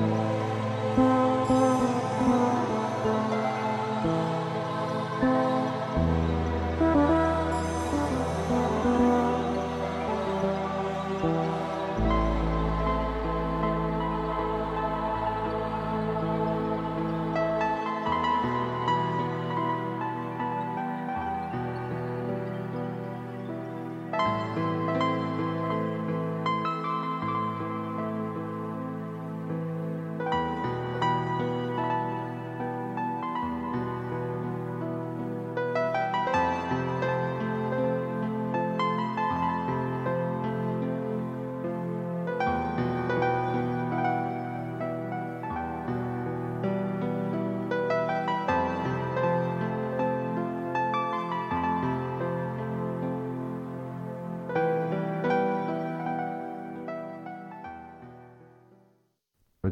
Thank you.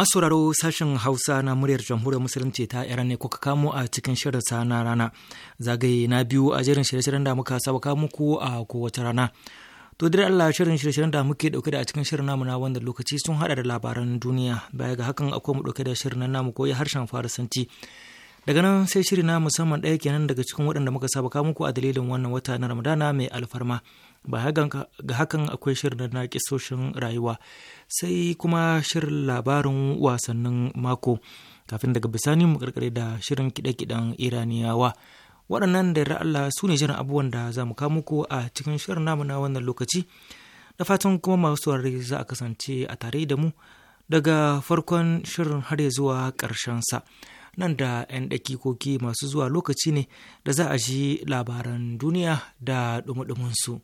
Masu sauraro sashen Hausa na muryar Jamhuriyar Musulunci ta Iran ne kuka kamo a cikin shirin sa na rana. Zagaye na biyu a jerin shirye-shiryen da muka saba kamo ku a kowace rana. To dai Allah shirin shirye-shiryen da muke dauke da a cikin shirin namu na wanda lokaci sun hada da labaran duniya. Baya ga hakan akwai mu dauke da shirin namu koyi harshen Farisanci. Daga nan sai shiri na musamman ɗaya kenan daga cikin waɗanda muka saba kamo ku a dalilin wannan wata na Ramadana mai alfarma. ba ga hakan akwai shirin na kisoshin rayuwa sai kuma shirin labarin wasannin mako kafin daga bisani mu karkare da shirin kide-kiden iraniyawa waɗannan da yarda Allah su ne shirin abubuwan da za mu kawo ko a cikin shirin namu na wannan lokaci da fatan kuma masu wari za a kasance a tare da mu daga farkon shirin har zuwa ƙarshen sa nan da 'yan koki masu zuwa lokaci ne da za a ji labaran duniya da ɗumuɗuminsu.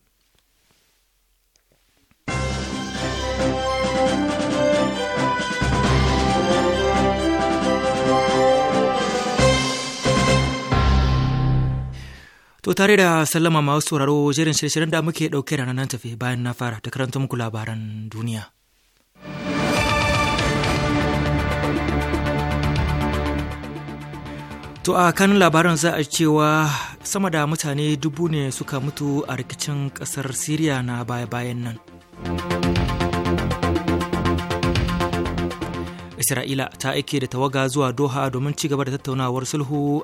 To tare da sallama masu sauraro jerin shirye-shiryen da muke ɗauke da nan tafi bayan na fara ta karanta muku labaran duniya. To a kan labaran za a cewa sama da mutane dubu ne suka mutu a rikicin ƙasar Siriya na baya-bayan nan. Isra'ila ta aike da tawaga zuwa Doha domin ci gaba da tattaunawar sulhu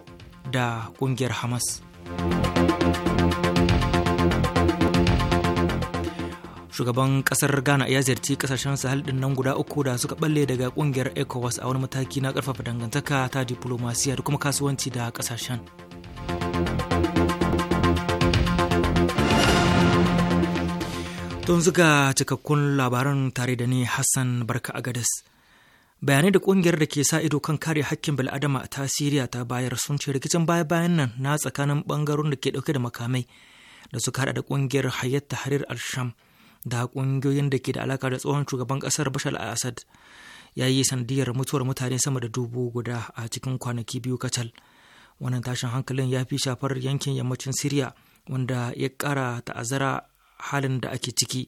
da ƙungiyar Hamas. shugaban kasar ghana ya ziyarci kasashen sahel din nan guda uku da suka balle daga kungiyar ecowas a wani mataki na karfafa dangantaka ta diplomasiya da kuma kasuwanci da kasashen tun suka cikakkun labaran tare da ni hassan barka agadas bayanai da kungiyar da ke sa ido kan kare hakkin bil'adama ta siriya ta bayar sun ce rikicin baya bayan nan na tsakanin bangaron da ke dauke da makamai da suka hada da kungiyar hayat tahrir al-sham da kungiyoyin da ke da alaka da tsohon shugaban kasar bashar al-assad ya yi sandiyar mutuwar mutane sama da dubu guda a cikin kwanaki biyu kacal wannan tashin hankalin ya fi shafar yankin yammacin siriya wanda ya kara ta'azara halin da ake ciki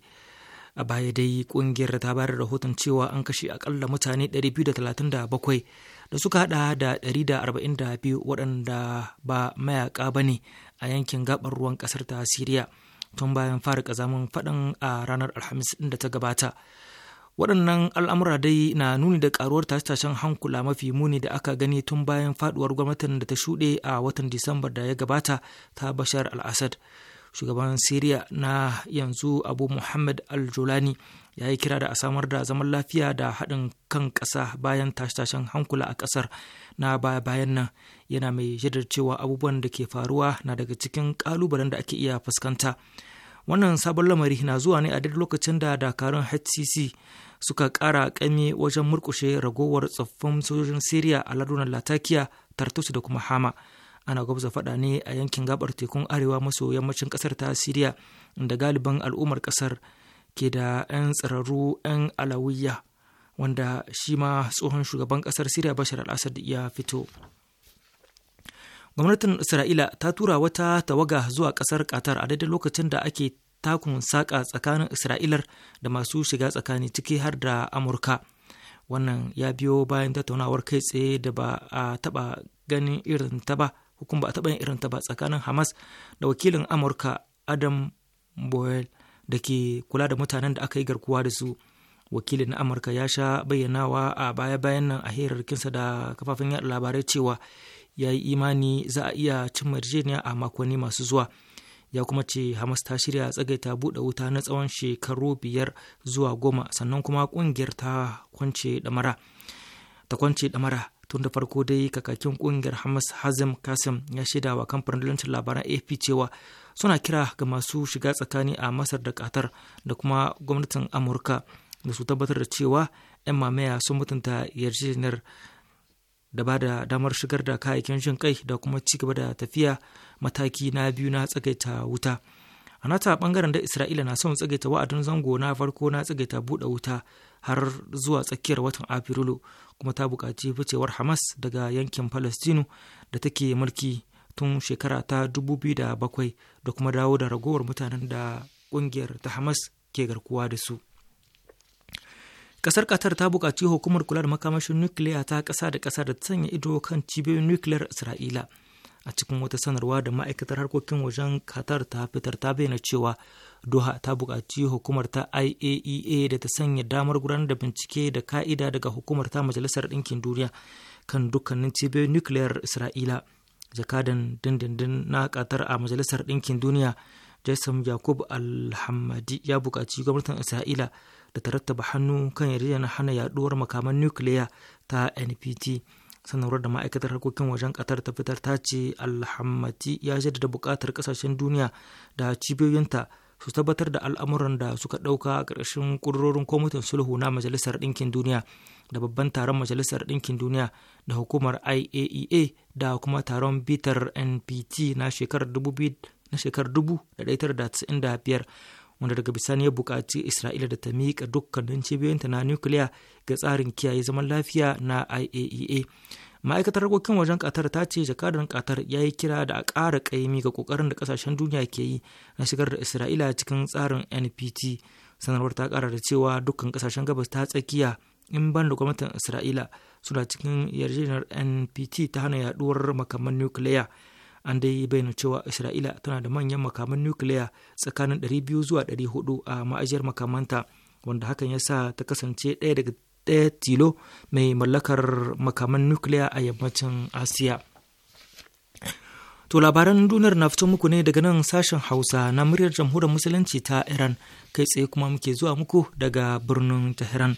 a baya dai kungiyar ta bayar rahoton cewa an kashe akalla mutane 237 da suka hada da 142 waɗanda ba mayaka ba ne a yankin gabar ruwan ƙasar ta siriya tun bayan fara kazamin faɗan a ranar alhamis ɗin da ta gabata waɗannan al'amura dai na nuni da ƙaruwar tashe-tashen hankula mafi muni da aka gani tun bayan faduwar gwamnatin da ta shuɗe a watan disambar da ya gabata ta bashar al shugaban siriya na yanzu abu muhammad al-julani ya yi kira da a samar da zaman lafiya da haɗin kan ƙasa bayan tashe-tashen hankula a ƙasar na baya bayan nan yana mai shaidar cewa abubuwan da ke faruwa na daga cikin ƙalubalen da ake iya fuskanta wannan sabon lamari na zuwa ne a duk lokacin da dakarun hcc suka ƙara ƙame wajen murƙushe ragowar tsoffin sojojin siriya a ladunan latakia tartus da kuma hama ana gwabza faɗa ne a yankin gabar tekun arewa maso yammacin ƙasar ta siriya da galibin al'ummar ƙasar ke da 'yan tsirarru 'yan alawiyya wanda shi ma tsohon shugaban ƙasar siriya bashar al ya fito gwamnatin isra'ila ta tura wata tawaga zuwa ƙasar qatar a daidai lokacin da ake takun saƙa tsakanin isra'ilar da masu shiga tsakani ciki har da amurka wannan ya biyo bayan tattaunawar kai tsaye da ba a taɓa ganin irin ta ba kuma ba a taɓa yin irin ta ba tsakanin hamas da wakilin amurka adam boyle da ke kula da mutanen da aka yi garkuwa da su wakilin na amurka ya sha bayyanawa a baya-bayan nan a hirarkinsa da kafafen yada labarai cewa ya yi imani za a iya cin yarjejeniya a makonni masu zuwa ya kuma ce hamas ta shirya tsagaita buɗe wuta na tsawon shekaru biyar zuwa goma sannan kuma ƙungiyar ta kwance ɗamara ta ɗamara tun da farko dai kakakin kungiyar hamas hazim kasim ya shaida wa kamfanin lantarki labaran ap cewa suna kira ga masu shiga tsakani a masar da qatar da kuma gwamnatin amurka da su tabbatar da cewa 'yan mamaya sun mutunta yarjejeniyar da ba da damar shigar da kayayyakin jin kai da kuma ci gaba da tafiya mataki na biyu na tsagaita wuta a nata bangaren da isra'ila na son tsagaita wa'adin zango na farko na tsagaita buɗe wuta har zuwa tsakiyar watan afrilu kuma ta buƙaci ficewar hamas daga yankin palestino da take mulki tun shekara ta 2007 da kuma dawo da ragowar mutanen da ƙungiyar ta hamas ke garkuwa da su Kasar Qatar ta buƙaci hukumar kula da makamashin nukiliya ta ƙasa da ƙasa da ta sanya ido kan cibiyoyin nukiliyar Isra'ila. a cikin wata sanarwa da ma'aikatar harkokin wajen qatar ta fitar ta bayyana cewa doha ta buƙaci hukumar ta iaea e da ta sanya damar gudanar da bincike da ka'ida daga hukumar ta majalisar ɗinkin duniya kan dukkanin cibiyoyin nukiliyar isra'ila jakadan dindindin na qatar a majalisar ɗinkin duniya jason yakub alhamadi ya buƙaci gwamnatin isra'ila da ta rattaba hannu kan yarjejeniyar hana yaduwar makaman nukiliya ta npt sanarwar da ma'aikatar harkokin wajen ƙatar ta fitar ta ce alhammati ya jaddada buƙatar ƙasashen duniya da cibiyoyinta su tabbatar da al'amuran da suka ɗauka a ƙarshen ƙudurorin kwamitin sulhu na majalisar ɗinkin duniya da babban taron majalisar ɗinkin duniya da hukumar iaea e da kuma taron bitar npt na shekarar 1995 wanda daga bisani ya buƙaci isra'ila da ta miƙa dukkanin cibiyoyinta na nukiliya ga tsarin kiyaye zaman lafiya na iaea e ma'aikatar harkokin wajen katar ta ce jakadar katar ya yi kira da a ƙara ƙaimi ga ƙoƙarin da ƙasashen duniya ke yi na shigar da isra'ila cikin tsarin npt sanarwar ta ƙara da cewa dukkan ƙasashen gabas ta tsakiya in ban da gwamnatin isra'ila suna cikin yarjejeniyar npt ta hana yaɗuwar makaman nukiliya an dai bayyana cewa isra'ila tana da manyan makaman nukiliya tsakanin 200 zuwa 400 a ma'ajiyar makamanta wanda hakan ya sa ta kasance ɗaya daga ɗaya tilo mai mallakar makaman nukiliya a yammacin asiya To labaran duniyar na fito muku ne daga nan sashen Hausa na muryar jamhuriyar Musulunci ta Iran kai tsaye kuma muke zuwa muku daga birnin Tehran.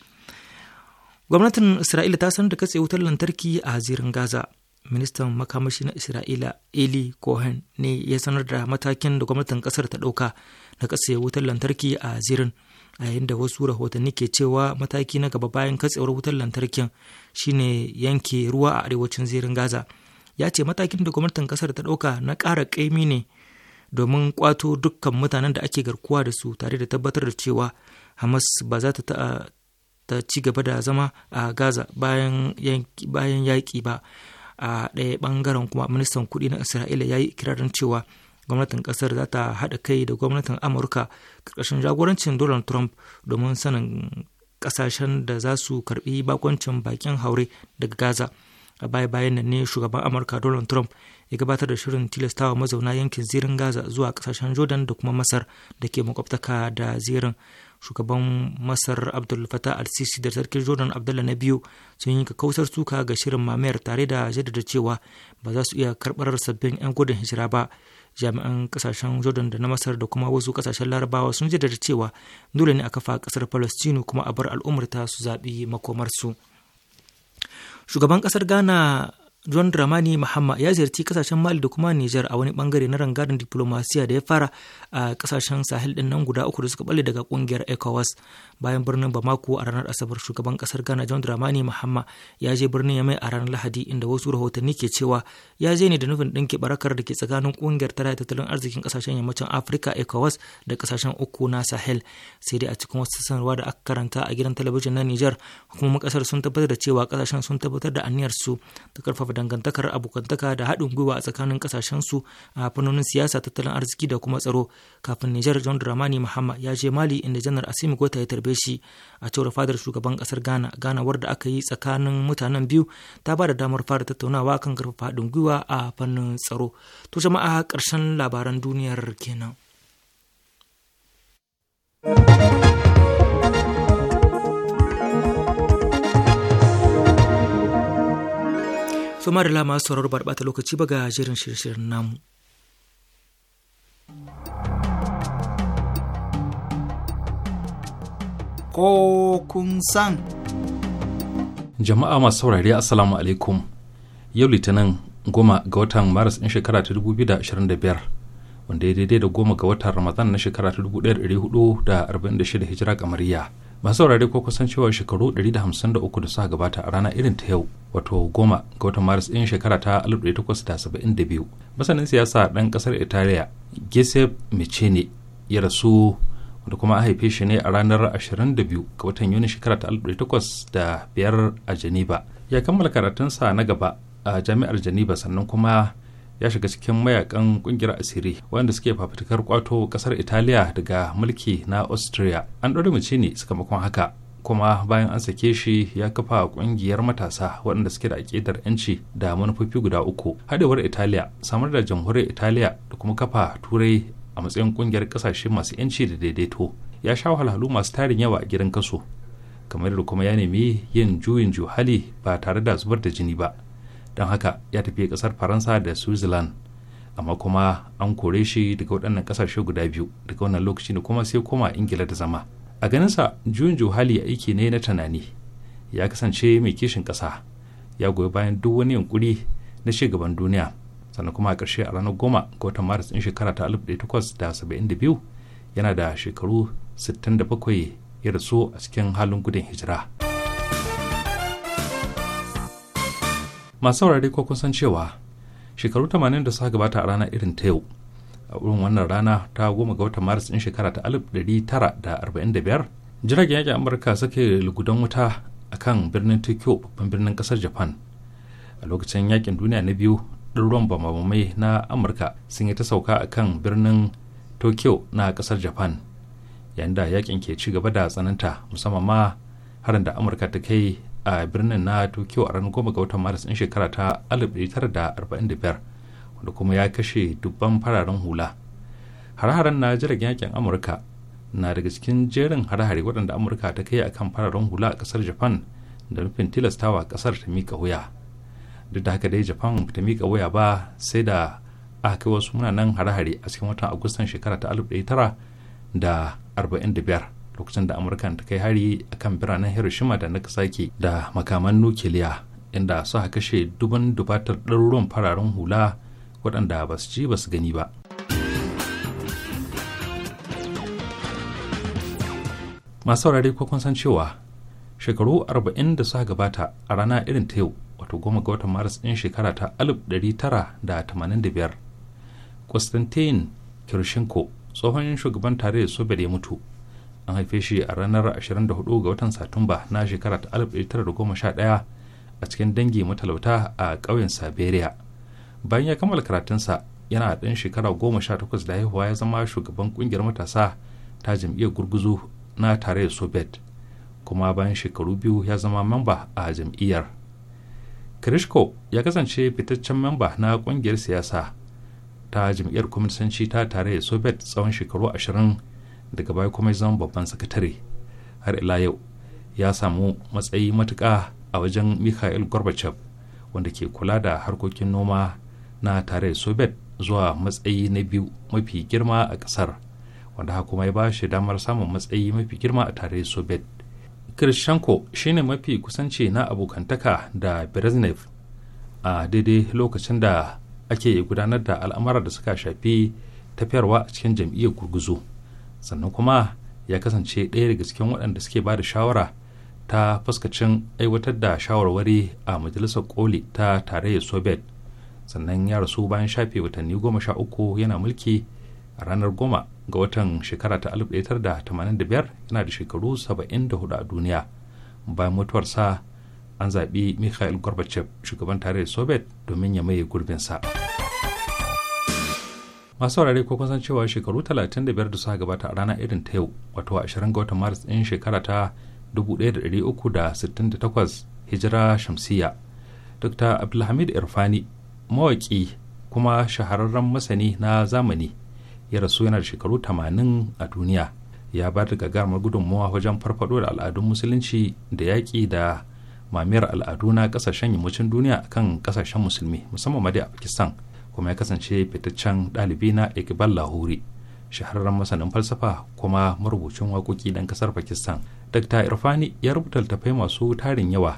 Gwamnatin Isra'ila ta sanar da katse wutar lantarki a zirin Gaza ministan makamashi na isra'ila eli cohen ne ya sanar da matakin da gwamnatin kasar ta dauka na kasa wutar lantarki a zirin a yayin da wasu rahotanni ke cewa mataki na gaba bayan katsewar wutar lantarkin shine yanke ruwa a arewacin zirin gaza ya ce matakin da gwamnatin kasar ta dauka na kara kaimi ne domin kwato dukkan mutanen da ake garkuwa da su tare da tabbatar da cewa hamas ba za ta ta ci gaba da zama a gaza bayan yaƙi ba a ɗaya bangaren kuma ministan kuɗi na isra'ila ya yi kirarin cewa gwamnatin ƙasar za ta haɗa kai da gwamnatin amurka ƙarƙashin jagorancin donald trump domin sanin kasashen da za su karɓi bakoncin bakin haure daga gaza a baya bayan nan ne shugaban amurka donald trump ya gabatar da shirin tilastawa mazauna yankin zirin gaza zuwa kasashen jordan da kuma masar da ke makwabtaka da zirin shugaban masar abdul fatah al-sisi da sarkin jordan abdullah na biyu sun yi kakkausar suka ga shirin mamayar tare da jaddada cewa ba za su iya karɓar sabbin 'yan gudun hijira ba jami'an kasashen jordan da na masar da kuma wasu kasashen larabawa sun jaddada cewa dole ne a kafa kasar palestino kuma a bar al'ummarta su zaɓi makomarsu shugaban kasar ghana john dramani Mahama ya ziyarci kasashen mali da kuma niger a wani bangare na rangadin diplomasiya da ya fara a kasashen sahel din nan guda uku da suka balle daga kungiyar ecowas bayan birnin bamako a ranar asabar shugaban kasar ghana john dramani Mahama ya je birnin yamai a ranar lahadi inda wasu rahotanni ke cewa ya je ne da nufin dinke barakar da ke tsakanin kungiyar tara tattalin arzikin kasashen yammacin afirka ecowas da kasashen uku na sahel sai dai a cikin wasu sanarwa da aka karanta a gidan talabijin na niger hukumomin kasar sun tabbatar da cewa kasashen sun tabbatar da aniyar su ta karfafa dangantakar abokantaka da haɗin gwiwa a tsakanin su a fannonin siyasa tattalin arziki da kuma tsaro kafin nijar john dramani mahama ya je mali inda janar asimi gota ya tarbe shi a cewar fadar shugaban ƙasar ghana ganawar da aka yi tsakanin mutanen biyu ta ba da damar fara tattaunawa kan karfafa haɗin gwiwa a fannin tsaro to jama'a ƙarshen labaran duniyar kenan. thank you su ma da lama sauraro ba ɓata lokaci ba ga jerin shirin namu. Ko kun san. Jama'a masu saurari Assalamu alaikum. Yau Litinin goma ga watan Maris ɗin shekara ta dubu biyu da da ashirin biyar wanda ya daidai da goma ga watan ramadan na shekara ta dubu ɗaya da da da arba'in shida hijira kamariya masu saurare ko kusan cewa shekaru 153 da suka gabata a rana irin ta yau wato goma ga watan maris ɗin shekara ta 1872 masanin siyasa ɗan ƙasar italiya giuseppe mecene ya rasu wanda kuma haife shi ne a ranar 22 ga watan yuni shekara ta 1805 a geneva ya kammala karatunsa na gaba a jami'ar geneva sannan kuma ya shiga cikin mayakan kungiyar asiri wanda suke fafutukar kwato kasar italiya daga mulki na austria an ɗaure mace ne sakamakon haka kuma bayan an sake shi ya kafa kungiyar matasa waɗanda suke da aƙidar 'yanci da manufofi guda uku haɗewar italiya samar da jamhuriyar italiya da kuma kafa turai a matsayin kungiyar ƙasashe masu 'yanci da daidaito ya sha wahalhalu masu tarin yawa a gidan kaso kamar da kuma ya nemi yin juyin juhali ba tare da zubar da jini ba don haka ya tafi kasar faransa da switzerland amma kuma an kore shi daga waɗannan ƙasashe guda biyu daga wannan lokaci ne kuma sai koma ingila da zama a ganinsa juyin juhali aiki ne na tunani ya kasance mai kishin ƙasa ya goyi bayan duk wani yunkuri na shugaban duniya sannan kuma a ƙarshe a ranar goma ga watan maris ɗin shekara ta biyu yana da shekaru sittin da bakwai ya rasu a cikin halin gudun hijira. masu saurare ko kun san cewa shekaru 80 da suka gabata a rana irin ta yau a wurin wannan rana ta goma ga watan maris din shekara ta 1945 jiragen yakin amurka suka yi lugudan wuta a kan birnin tokyo babban birnin kasar japan a lokacin yakin duniya na biyu ɗin bamabamai na amurka sun yi ta sauka a kan birnin tokyo na kasar japan yayin da yakin ke ci gaba da tsananta musamman ma harin da amurka ta kai a birnin na tokyo a ranar goma ga watan maris ɗin shekara ta 1945 wanda kuma ya kashe dubban fararen hula hare-haren na jiragen yakin amurka na daga cikin jerin hare-hare waɗanda amurka ta kai akan fararen hula a ƙasar japan da nufin tilastawa ƙasar ta mika wuya duk da haka dai japan ta mika wuya ba sai da aka kai wasu munanan hare-hare a cikin watan agustan shekara ta 1945 lokacin da amurkan ta kai hari kan biranen hiroshima da nagasaki da makaman nukiliya inda suka kashe duban dubatar ɗaruruwan fararen hula waɗanda ba su ci ba su gani ba masu saurare ko kun san cewa shekaru arba'in da suka gabata a rana irin ta yau wato goma ga watan maris ɗin shekara ta 1985 konstantin kirshenko tsohon shugaban tarayyar soviet ya mutu an haife shi a ranar 24 ga watan satumba na shekara ta 1911 a cikin dangi matalauta a ƙauyen saberiya bayan ya kammala karatunsa yana ɗan shekara 18 da haihuwa ya zama shugaban ƙungiyar matasa ta jam'iyyar gurguzu na tare da soviet kuma bayan shekaru biyu ya zama mamba a jam'iyyar kirishko ya kasance fitaccen mamba na ƙungiyar siyasa ta jam'iyyar kwamitanci ta tare da soviet tsawon shekaru ashirin. daga baya kuma zama babban sakatare har ila yau ya samu matsayi matuka a wajen mikhail gorbachev wanda ke kula da harkokin noma na tare soviet zuwa matsayi na biyu mafi girma a kasar wanda haka kuma ya ba shi damar samun matsayi mafi girma a tare soviet kirshenko shine mafi kusanci na abokantaka da brezhnev a daidai lokacin da ake gudanar da al'amura da suka shafi tafiyarwa a cikin jam'iyyar gurguzu. sannan kuma ya kasance ɗaya daga cikin waɗanda suke ba da shawara ta fuskacin aiwatar da shawarwari a majalisar koli ta tarayyar soviet sannan ya rasu bayan shafe watanni goma sha uku yana mulki a ranar goma ga watan shekara ta 1985 yana da shekaru 74 a duniya bayan mutuwarsa an zaɓi mikhail gorbachev shugaban tarayyar soviet domin ya maye gurbinsa. sa masu wurare ko kun san cewa shekaru 35 da suka gabata a rana irin ta yau wato 20 ga watan maris in shekara ta 1368 hijira shamsiyya dr abdulhamid irfani mawaƙi kuma shahararren masani na zamani ya rasu yana da shekaru 80 a duniya ya ba da gagarumar gudunmawa wajen farfado da al'adun musulunci da yaƙi da mamiyar al'adu na ƙasashen yammacin duniya kan ƙasashen musulmi musamman ma dai a pakistan kuma ya kasance fitaccen ɗalibi na iqbal lahuri shahararren masanin falsafa kuma marubucin waƙoƙi ɗan ƙasar pakistan dr irfani ya rubuta littafai masu tarin yawa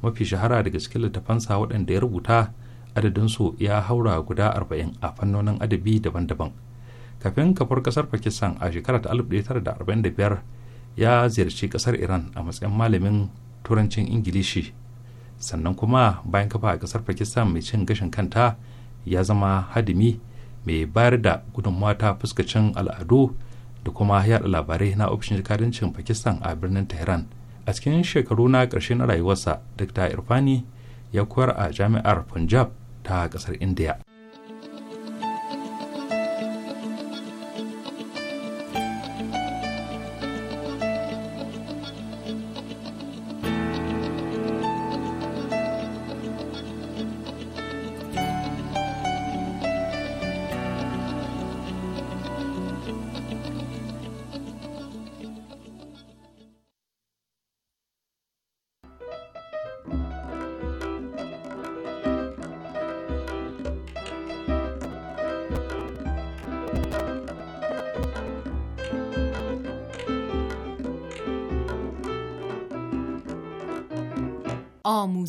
mafi shahara daga cikin littafansa waɗanda ya rubuta su ya haura guda arba'in a fannonin adabi daban-daban kafin kafar ƙasar pakistan a shekara ta 1945 ya ziyarci ƙasar iran a matsayin malamin turancin ingilishi sannan kuma bayan kafa a ƙasar pakistan mai cin gashin kanta ya zama hadimi mai bayar da gudunmawa ta fuskacin al'adu da kuma yada labarai na ofishin jikadancin pakistan a birnin tehran a cikin shekaru na ƙarshe na rayuwarsa dr irfani ya koyar a jami'ar punjab ta ƙasar india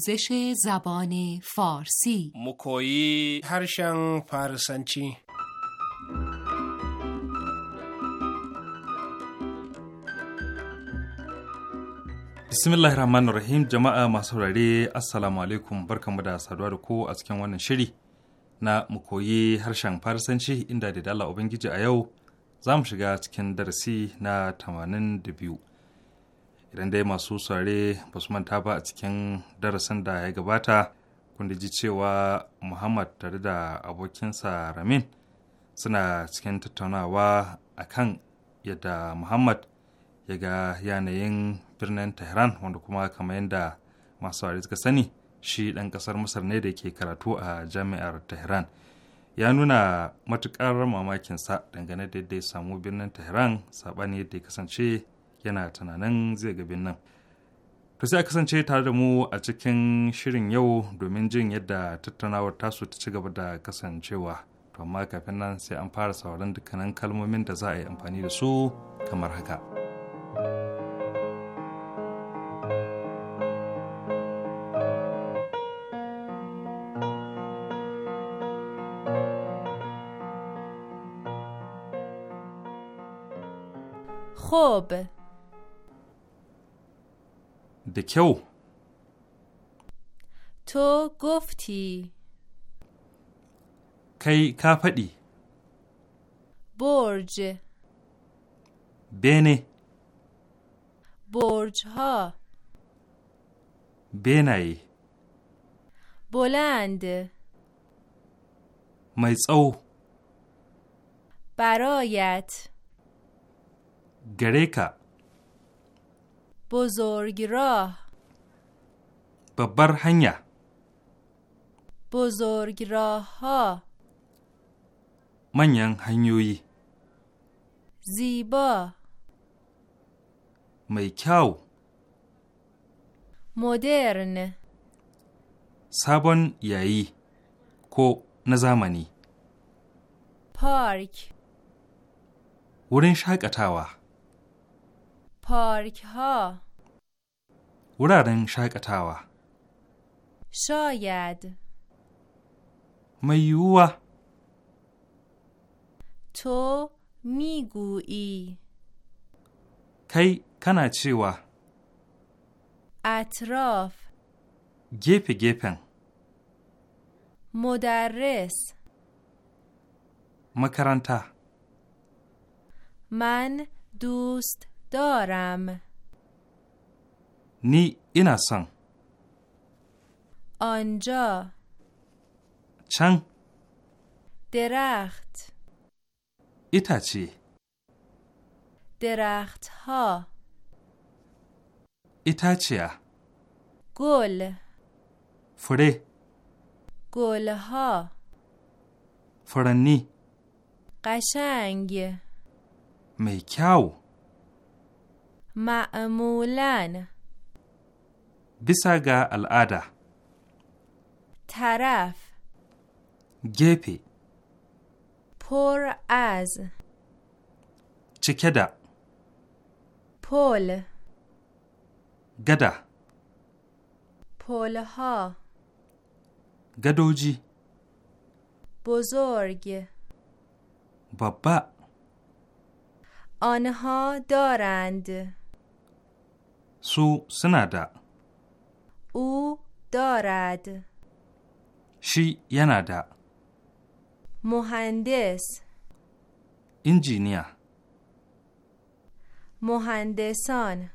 آموزش زبان فارسی مکویی هرشن فارسنچی bismillahir rahmanir rahim jama'a masu saurare assalamu alaikum barkanmu da saduwa da ku a cikin wannan shiri na mu koyi harshen farisanci inda da dala ubangiji a yau za mu shiga cikin darasi na 82 idan dai masu saurare ba su manta ba a cikin darasin da ya gabata kun ji cewa muhammad tare da abokinsa ramin suna cikin tattaunawa a kan yadda muhammad ya ga yanayin birnin tehran wanda kuma kamar yadda masu saurare suka sani shi ɗan ƙasar masar ne da ke karatu a jami'ar tehran ya nuna matuƙar mamakinsa dangane da yadda ya samu birnin tehran saɓani yadda ya kasance yana tunanin zai ga nan to sai a kasance tare da mu a cikin shirin yau domin jin yadda tattaunawar tasu ta ci gaba da kasancewa to amma kafin nan sai an fara sauran dukkanin kalmomin da za a yi amfani da su kamar haka خوب da kyau. To gofti. Kai ka faɗi. برج بنه برج ها بنای بلند او برایت گریکا بزرگراه babbar hanya بزرگراهها manyan hanyoyi Ziba. mai kyau modern sabon yayi ko na zamani park wurin shaƙatawa. پارک ها ورارن شاکتاوا شاید میوه تو میگویی کی کنا چیوا اطراف گپ گپن مدرس مکرانتا من دوست دارم نی اینا آنجا چنگ درخت ایتاچی درخت ها چیا گل فره گل ها فرنی قشنگ میکاو معمولا bisa ga طرف گپی پر از چکده پول پل گدا پلها گدوجی بزرگ بابا آنها دارند سو سنادا او دارد شی یندا مهندس انجینیا مهندسان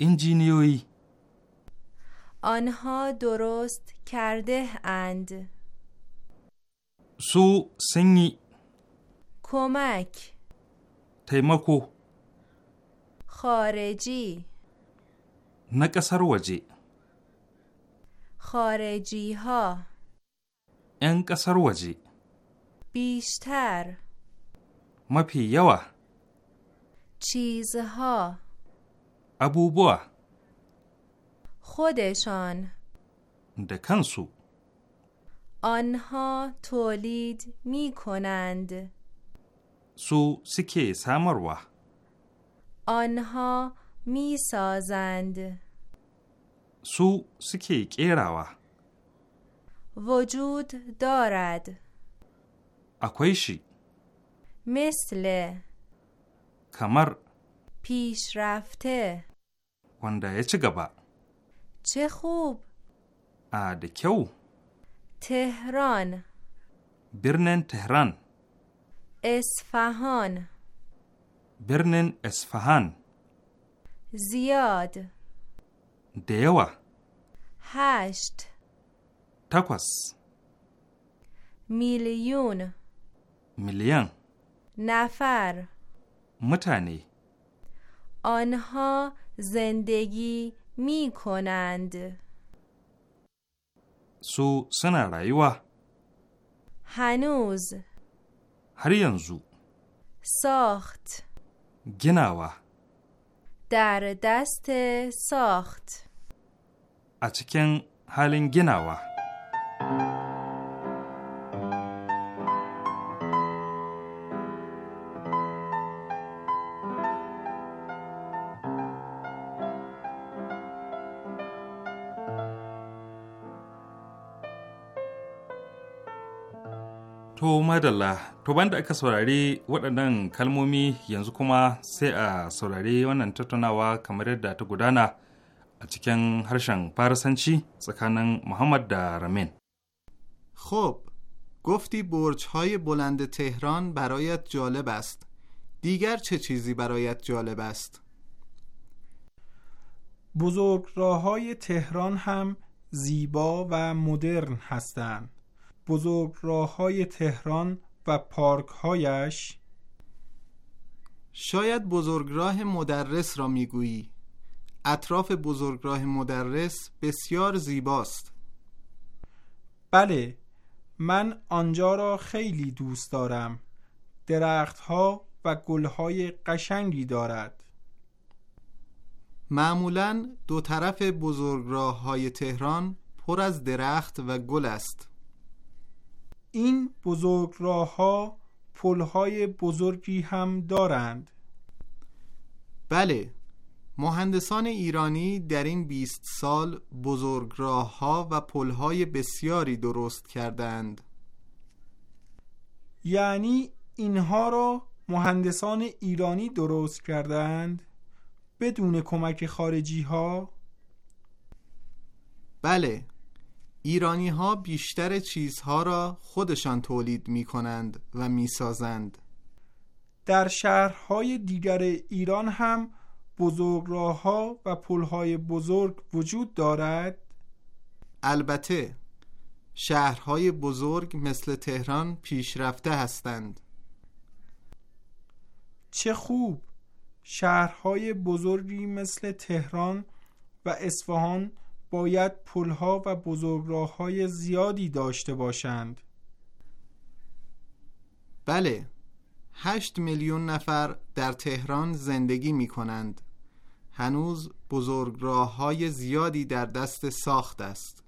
انجینیوی آنها درست کرده اند سو سنی کمک تیمکو خارجی na waje خارجی ها ‘yan بیشتر mafi yawa چیزها abubuwa خودشان دکنسو آنها تولید می کنند سو سکه سامروا آنها می سازند su suke ƙerawa. Wujud dorad. Akwai shi. Misle. Kamar. Pishrafte. Wanda ya ci gaba. Chekhub. A da kyau. Tehran. Birnin Tehran. Isfahan. Birnin Isfahan. Ziyad. دیوه هشت تاکوس میلیون میلیون نفر متنی آنها زندگی می کنند سو سنا رایوا هنوز هر ساخت گناوا در دست ساخت a cikin halin ginawa. To madalla, to banda aka saurari waɗannan kalmomi yanzu kuma sai a saurari wannan tattaunawa kamar yadda ta gudana. a cikin harshen Farisanci tsakanin Muhammad خب گفتی برج های بلند تهران برایت جالب است دیگر چه چیزی برایت جالب است؟ بزرگ راه های تهران هم زیبا و مدرن هستند. بزرگ راه های تهران و پارک هایش شاید بزرگراه مدرس را میگویی اطراف بزرگراه مدرس بسیار زیباست بله من آنجا را خیلی دوست دارم درختها و گلهای قشنگی دارد معمولا دو طرف بزرگراه های تهران پر از درخت و گل است این بزرگراه ها پل های بزرگی هم دارند بله مهندسان ایرانی در این 20 سال راه ها و پل های بسیاری درست کردند یعنی اینها را مهندسان ایرانی درست کردند بدون کمک خارجی ها بله ایرانی ها بیشتر چیزها را خودشان تولید می کنند و می سازند در شهرهای دیگر ایران هم ها و پلهای بزرگ وجود دارد؟ البته شهرهای بزرگ مثل تهران پیشرفته هستند چه خوب شهرهای بزرگی مثل تهران و اصفهان باید پلها و بزرگراههای زیادی داشته باشند بله هشت میلیون نفر در تهران زندگی می کنند هنوز بزرگراههای زیادی در دست ساخت است.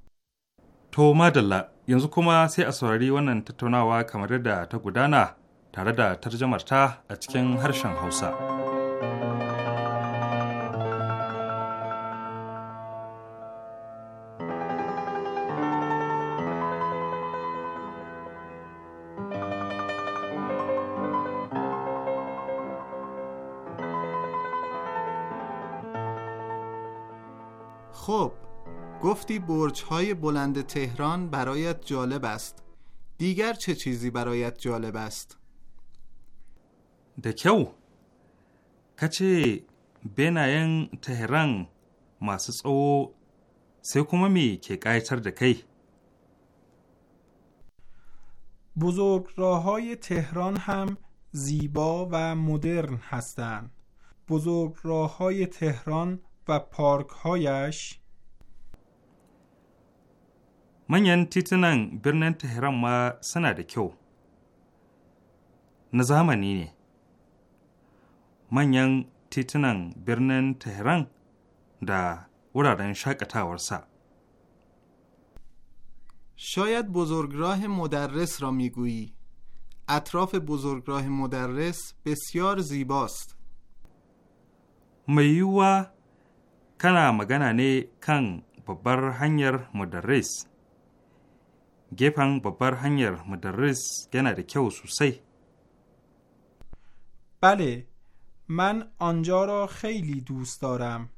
To madalla yanzu kuma sai a saurari wannan tattaunawa kamar yadda ta gudana tare da tarjamarta a cikin harshen Hausa. گفتی برج های بلند تهران برایت جالب است دیگر چه چیزی برایت جالب است؟ da کچه بین این تهران و او سکوممی که kuma دکی بزرگ راه های تهران هم زیبا و مدرن هستند. های تهران و هایش، manyan titunan birnin Tehran ma suna da kyau. Na zamani ne. Manyan titunan birnin Tehran da wuraren shakatawarsa. شاید بزرگراه مدرس را میگویی اطراف بزرگراه مدرس بسیار زیباست میوا کنا مگنا نه کن ببر هنگر مدرس gefen babbar hanyar مدرس yana da kyau sosai. بله من آنجا را خیلی دوست دارم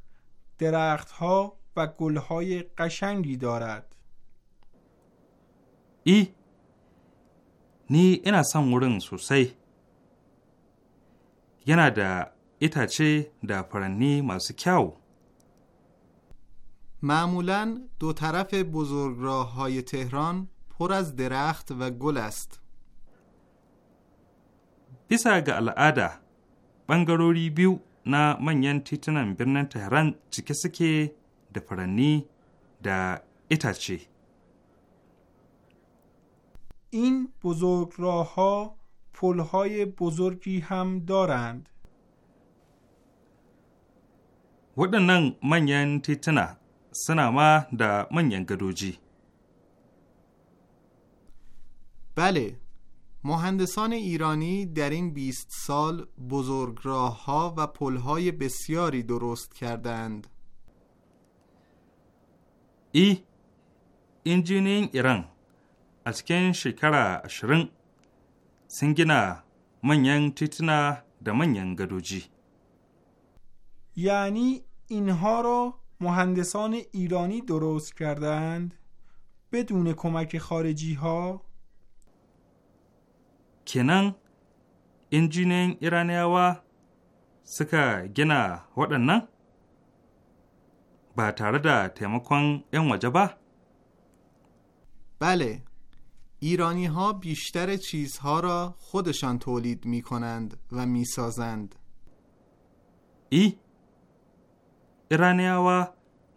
درختها و گلهای قشنگی دارد ای نی اینا سان ورن سوسی yana da itace دا پرنی ماسو kyau. معمولا دو طرف بزرگراه های تهران پر از درخت و گل است. bisa ga al'ada ɓangarori biyu na manyan titunan birnin Tehran cike suke da furanni da itace. این بزرگراهها پلهای بزرگی Ham دارند. waɗannan manyan tituna suna ma da manyan gadoji. بله مهندسان ایرانی در این 20 سال راه ها و پل های بسیاری درست کردند ای انجینین ایران از کن شکر اشرن sun منین ده tituna da یعنی اینها را مهندسان ایرانی درست کردند بدون کمک خارجی ها کنن انجینین ایرانیاوا سکا گنا ودنن با تاره دا تیمکون این وجه بله ایرانی ها بیشتر چیزها را خودشان تولید می کنند و می سازند ای ایرانیاوا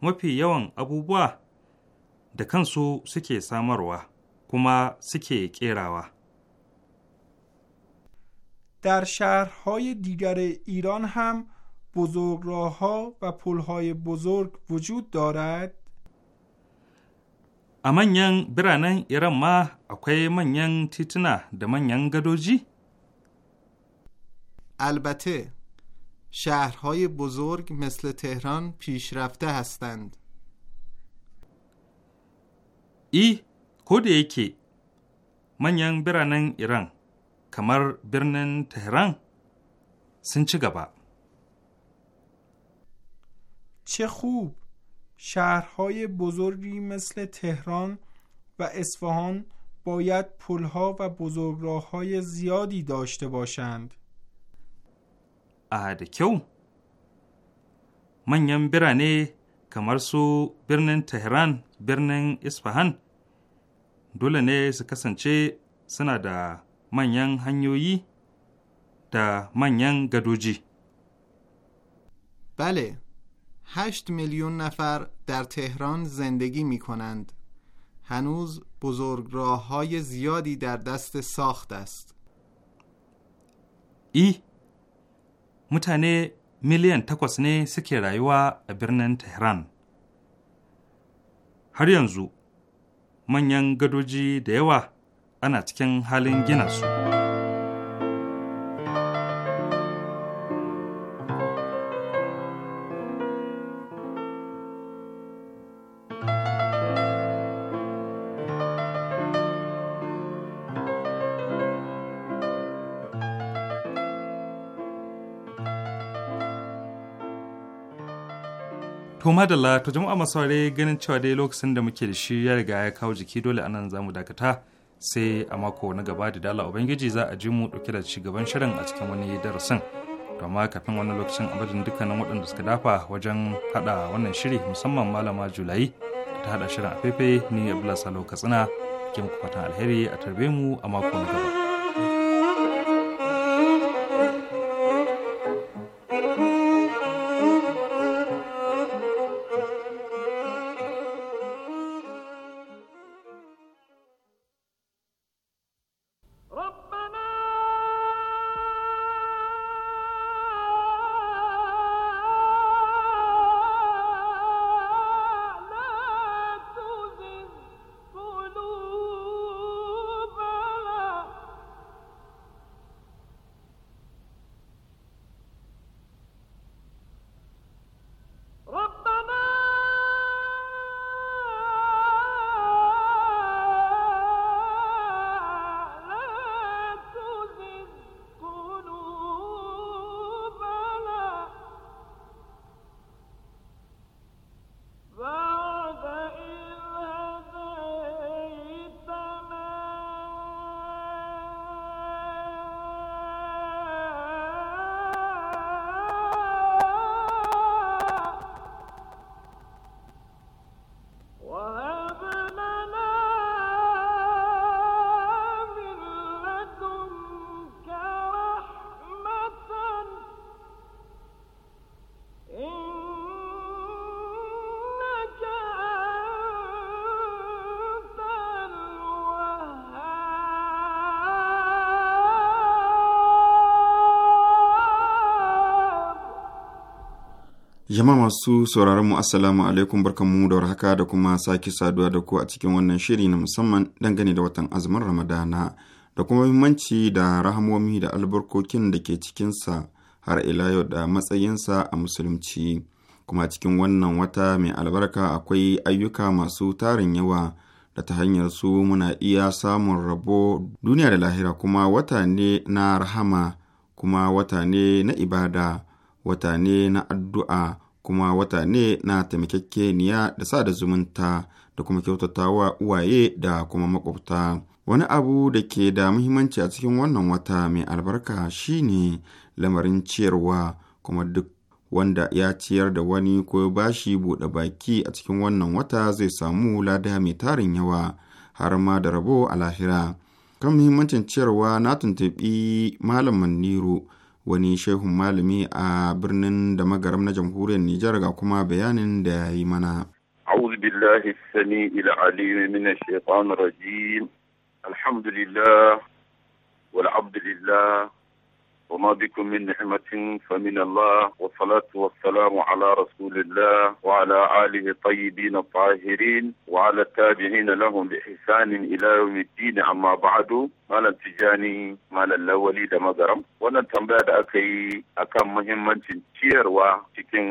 mafi yawan abubuwa da kansu suke samarwa kuma suke kerawa. در شهرهای دیگر ایران هم بزرگراهها و پلهای بزرگ وجود دارد a manyan biranen Iran ma akwai manyan tituna da manyan gadoji? البته شهرهای بزرگ مثل تهران پیشرفته هستند. ای کود من منیان برانن ایران کمر برنن تهران sun ci gaba. چه خوب شهرهای بزرگی مثل تهران و اصفهان باید پلها و بزرگراههای زیادی داشته باشند اهد کیو منیم برانه کمر سو برنن تهران برنن اصفهان دوله نه سکسنچه سنده manyan hanyoyi da manyan گدوجی بله هشت میلیون نفر در تهران زندگی می کنند هنوز بزرگ راه های زیادی در دست ساخت است ای متنه میلیون تکوس نه سکی رایوا برنن تهران هر ینزو manyan gadoji ana cikin halin gina su. To madalla to jama'a masu ganin cewa dai lokacin da muke da shi ya riga ya kawo jiki dole anan mu dakata. sai a mako na gaba da dala ubangiji za a ji mu dauke da shugaban shirin a cikin wani darasin to amma kafin wani lokacin abadin dukkanin waɗanda suka dafa wajen hada wannan shiri musamman malama julai ta hada shirin a fefe ni abdullahi salo katsina ke muku fatan alheri a tarbe mu a mako na gaba Jama'a masu sauraron mu assalamu alaikum barkanmu da warhaka da kuma sake saduwa da ku a cikin wannan shiri na musamman dangane da watan azumin Ramadana da kuma muhimmanci da rahamomi da albarkokin da ke cikinsa har ila yau da matsayinsa a musulunci. Kuma cikin wannan wata mai albarka akwai ayyuka masu tarin yawa da ta hanyar su muna iya samun rabo duniya da lahira kuma wata ne na rahama kuma wata ne na ibada. wata ne na addu'a kuma wata ne na taimakekeniya da sa da zumunta da kuma kyautata wa uwaye da kuma makwabta. Wani abu da ke da muhimmanci a cikin wannan wata mai albarka shi ne lamarin ciyarwa kuma duk wanda ya ciyar da wani ko ba shi buɗe baki a cikin wannan wata zai samu lada mai tarin yawa har ma da rabo a lahira. Kan muhimmancin ciyarwa na tuntubi Malam Maniru wani shehun malami a birnin da magaram na jamhuriyar Nijar ga kuma bayanin da ya yi mana. أعوذ بالله السميع العليم من الشيطان الرجيم الحمد لله والعبد لله وما بكم من نعمة فمن الله والصلاة والسلام على رسول الله وعلى آله الطيبين الطاهرين وعلى التابعين لهم بإحسان إلى يوم الدين أما بعد malam tijani malam lawali da magaram wannan tambaya da aka yi akan muhimmancin ciyarwa cikin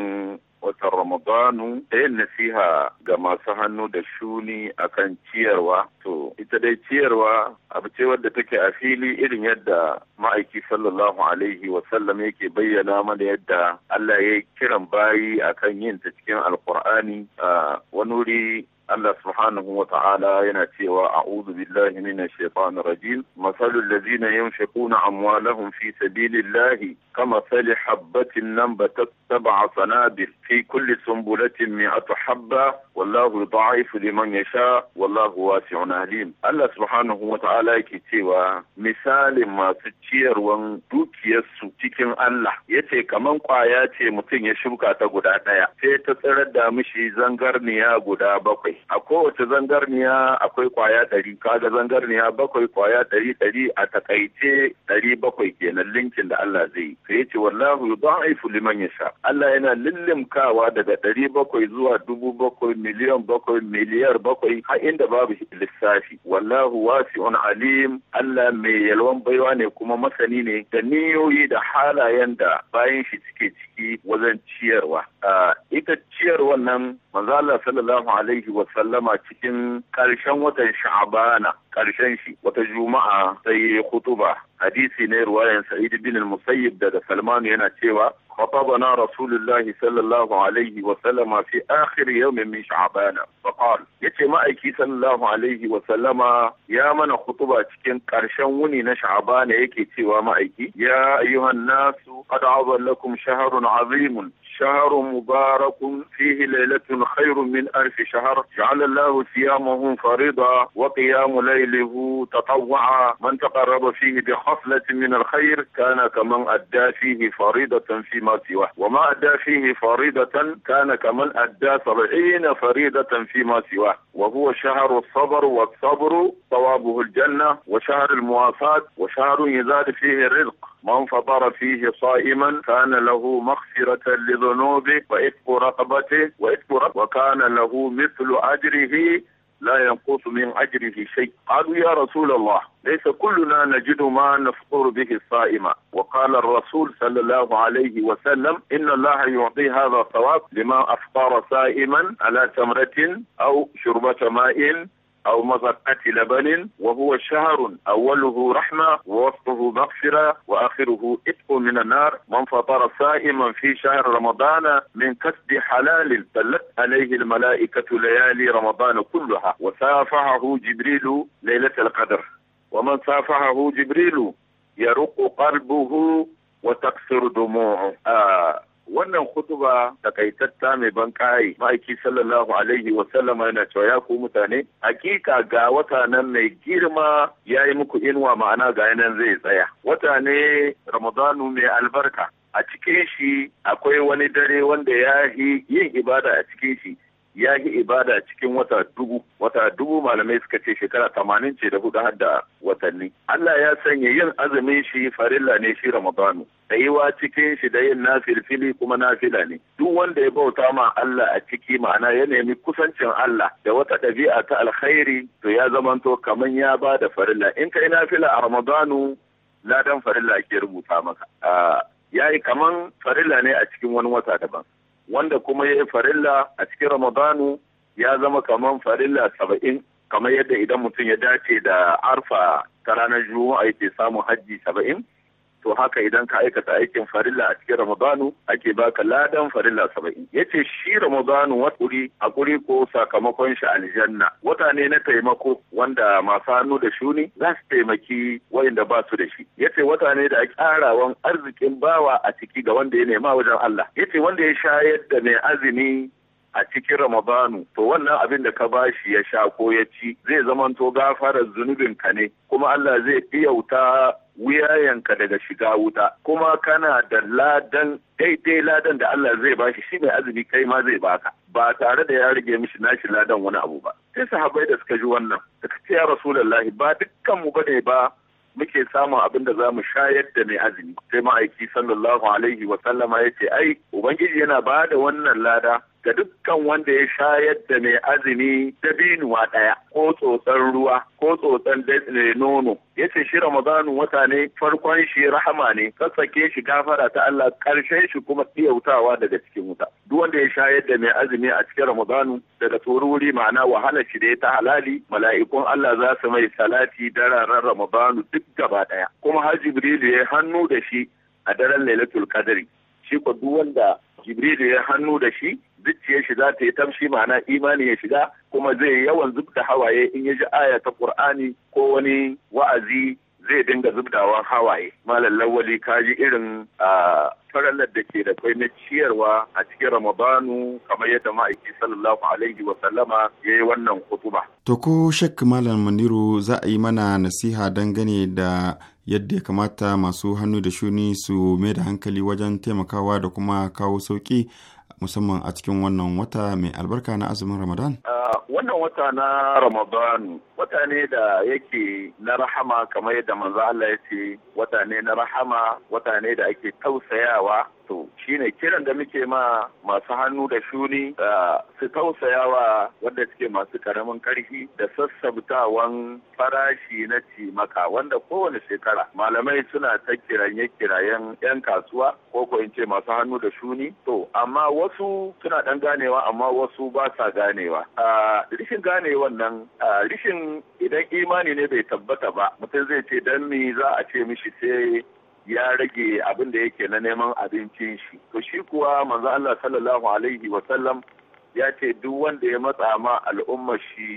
Wata ramadanu ta nasiha ga masu hannu da shuni akan ciyarwa to ita dai ciyarwa abu ce wadda take a fili irin yadda ma'aiki sallallahu alaihi wasallam yake bayyana mana yadda allah ya yi kiran bayi akan yin ta cikin alkur'ani a wani wuri Allah subhanahu wa ta'ala yana cewa a'udhu billahi minash shaitanir rajim masalul ladzina yunfiquna amwalahum fi sabilillahi كمثل حبة انبتت سبع صنابل في كل سنبلة مئة حبة والله يضعف لمن يشاء والله واسع عليم الله سبحانه وتعالى كتوى مثال ما تشير وان دوكي السوتيكين الله يتي كمان قاياتي متين يشبك تقول عدايا في تسرد مشي زنغرنيا قدا بقي اكو تزنغرنيا اكو قايا تري كاد زنغرنيا بقي قايا تري تري اتقايتي تري بقي كينا اللينك الله زي da yace wallahu yudha'ifu liman yasha Allah yana lillimkawa daga ɗari bakwai zuwa dubu bakwai miliyan bakwai miliyar bakwai har inda babu lissafi wallahu wasi'un alim Allah mai yalwan baiwa ne kuma masani ne da niyoyi da halayen da bayan shi cike ciki wajen ciyarwa ah, ita ciyarwan nan manzo Allah sallallahu alaihi wa sallama cikin karshen watan Sha'bana karshen shi wata juma'a sai khutuba hadisi ne ruwayan Sa'id bin al-Musayyib daga Salman yana cewa خطبنا رسول الله صلى الله عليه وسلم في آخر يوم ya شعبان فقال يتي ما أيكي صلى الله عليه وسلم يا من خطبة كن قرشن وني نشعبان يكي تيوا ما أيكي يا أيها الناس قد عظم لكم شهر شهر مبارك فيه ليلة خير من ألف شهر جعل الله صيامه فريضة وقيام ليله تطوعا من تقرب فيه بخصلة من الخير كان كمن أدى فيه فريضة فيما سواه وما أدى فيه فريضة كان كمن أدى سبعين فريضة فيما سواه وهو شهر الصبر والصبر ثوابه الجنة وشهر المواساة وشهر يزاد فيه الرزق من فطر فيه صائما كان له مغفرة لذنوبه وإثم رقبته وإثم رقبته وكان له مثل أجره لا ينقص من أجره شيء قالوا يا رسول الله ليس كلنا نجد ما نفطر به الصائم وقال الرسول صلى الله عليه وسلم إن الله يعطي هذا الثواب لما أفطر صائما على تمرة أو شربة ماء أو مضخات لبن وهو شهر أوله رحمة ووسطه مغفرة وآخره إتق من النار من فطر صائما في شهر رمضان من كسب حلال دلت عليه الملائكة ليالي رمضان كلها وسافعه جبريل ليلة القدر ومن سافعه جبريل يرق قلبه وتكسر دموعه آه wannan hutuba takaitatta mai ban kai ma'aiki sallallahu alaihi wa sallama yana cewa ya ku mutane hakika ga wata nan mai girma ya yi muku inuwa ma'ana ga nan zai tsaya wata ne ramadanu mai albarka a cikin shi akwai wani dare wanda ya yi yin ibada a cikin shi ya yi ibada cikin wata dubu wata dubu malamai suka ce shekara tamanin ce da hudu har da watanni Allah ya sanya yin azumin shi farilla ne shi ramadanu tsayuwa cikin shi da yin nafilfili kuma nafila ne duk wanda ya bauta ma Allah a ciki ma'ana ya nemi kusancin Allah da wata ɗabi'a ta alkhairi to ya zamanto kaman ya ba da farilla in kai nafila a ramadanu ladan farilla ke rubuta maka ah, ya yi kaman farilla ne a cikin wani wata daban wanda kuma ya yi farilla a cikin ramadanu ya zama kamar farilla saba'in kamar yadda idan mutum ya dace da arfa ta ranar juma'a yake samun hajji saba'in to haka idan ka aikata aikin farilla a cikin ramadanu ake baka ladan farilla saba'in ce shi ramadanu wakuri a ƙuri ko sakamakon shi aljanna wata ne na taimako wanda masu hannu da shuni za su taimaki wayanda ba su da shi yace wata ne da ƙarawan arzikin bawa a ciki ga wanda ya nema wajen Allah Ya ce wanda ya shayar da mai azumi a cikin Ramadanu to wannan abin da ka bashi ya sha ko ya ci zai zamanto gafarar zunubin ka ne kuma Allah zai iyauta wuyayenka daga shiga wuta kuma kana da ladan daidai ladan da Allah zai bashi shi mai azumi kai ma zai baka ba tare da ya rige mishi nashi ladan wani abu ba sai sahabbai da suka ji wannan suka ce ya rasulullahi ba dukkan mu bane ba muke samun abin da za mu shayar da mai azumi sai ma'aiki sallallahu alaihi wa sallama ya ce ai ubangiji yana ba da wannan lada ga dukkan wanda ya shayar da mai azumi dabinuwa ɗaya ko tsotsan ruwa ko tsotsan nono ya ce shi ramadanu wata ne farkon shi rahama ne sassake shi gafara ta Allah ƙarshen shi kuma tsiyautawa daga cikin wuta duk wanda ya shayar da mai azumi a cikin ramadanu daga tsoruri ma'ana wahala shi da ya ta halali mala'ikun Allah za su mai salati dararen ramadanu duk gaba ɗaya kuma har jibrilu ya hannu da shi a daren lailatul qadri shi ko duk wanda jibrilu ya hannu da shi zuciyar shi za ta yi tamshi ma'ana imani ya shiga kuma zai yawan zubda hawaye in ya ji aya ta qur'ani ko wani wa'azi zai dinga zubdawa hawaye malam lawali ka ji irin farallar da ke da kai na ciyarwa a cikin ramadanu kamar yadda ma'aiki sallallahu alaihi wa sallama ya yi wannan kutuba. to ko shakka malam maniru za a yi mana nasiha dangane da yadda ya kamata masu hannu da shuni su mai da hankali wajen taimakawa da kuma kawo sauki musamman a cikin wannan wata mai albarka na azumin ramadan wannan wata na ramadan watane da yake na rahama kamar yadda manzo Allah ya ce watane na rahama watane da ake tausayawa to shine kiran da muke ma masu hannu da shuni su tausayawa wanda suke masu karamin karfi da sassabtawan farashi na cimaka wanda kowane shekara malamai suna ta kiranye kirayen yan kasuwa ko ko in ce masu hannu da shuni to amma wasu suna dan ganewa amma wasu ba sa ganewa a rishin ganewan nan rishin idan imani ne bai tabbata ba mutum zai ce dan ni za a ce mishi sai ya rage abin da yake na neman abincin shi to shi kuwa manzo Allah sallallahu alaihi wa sallam ya ce duk wanda ya matsa ma al'umma shi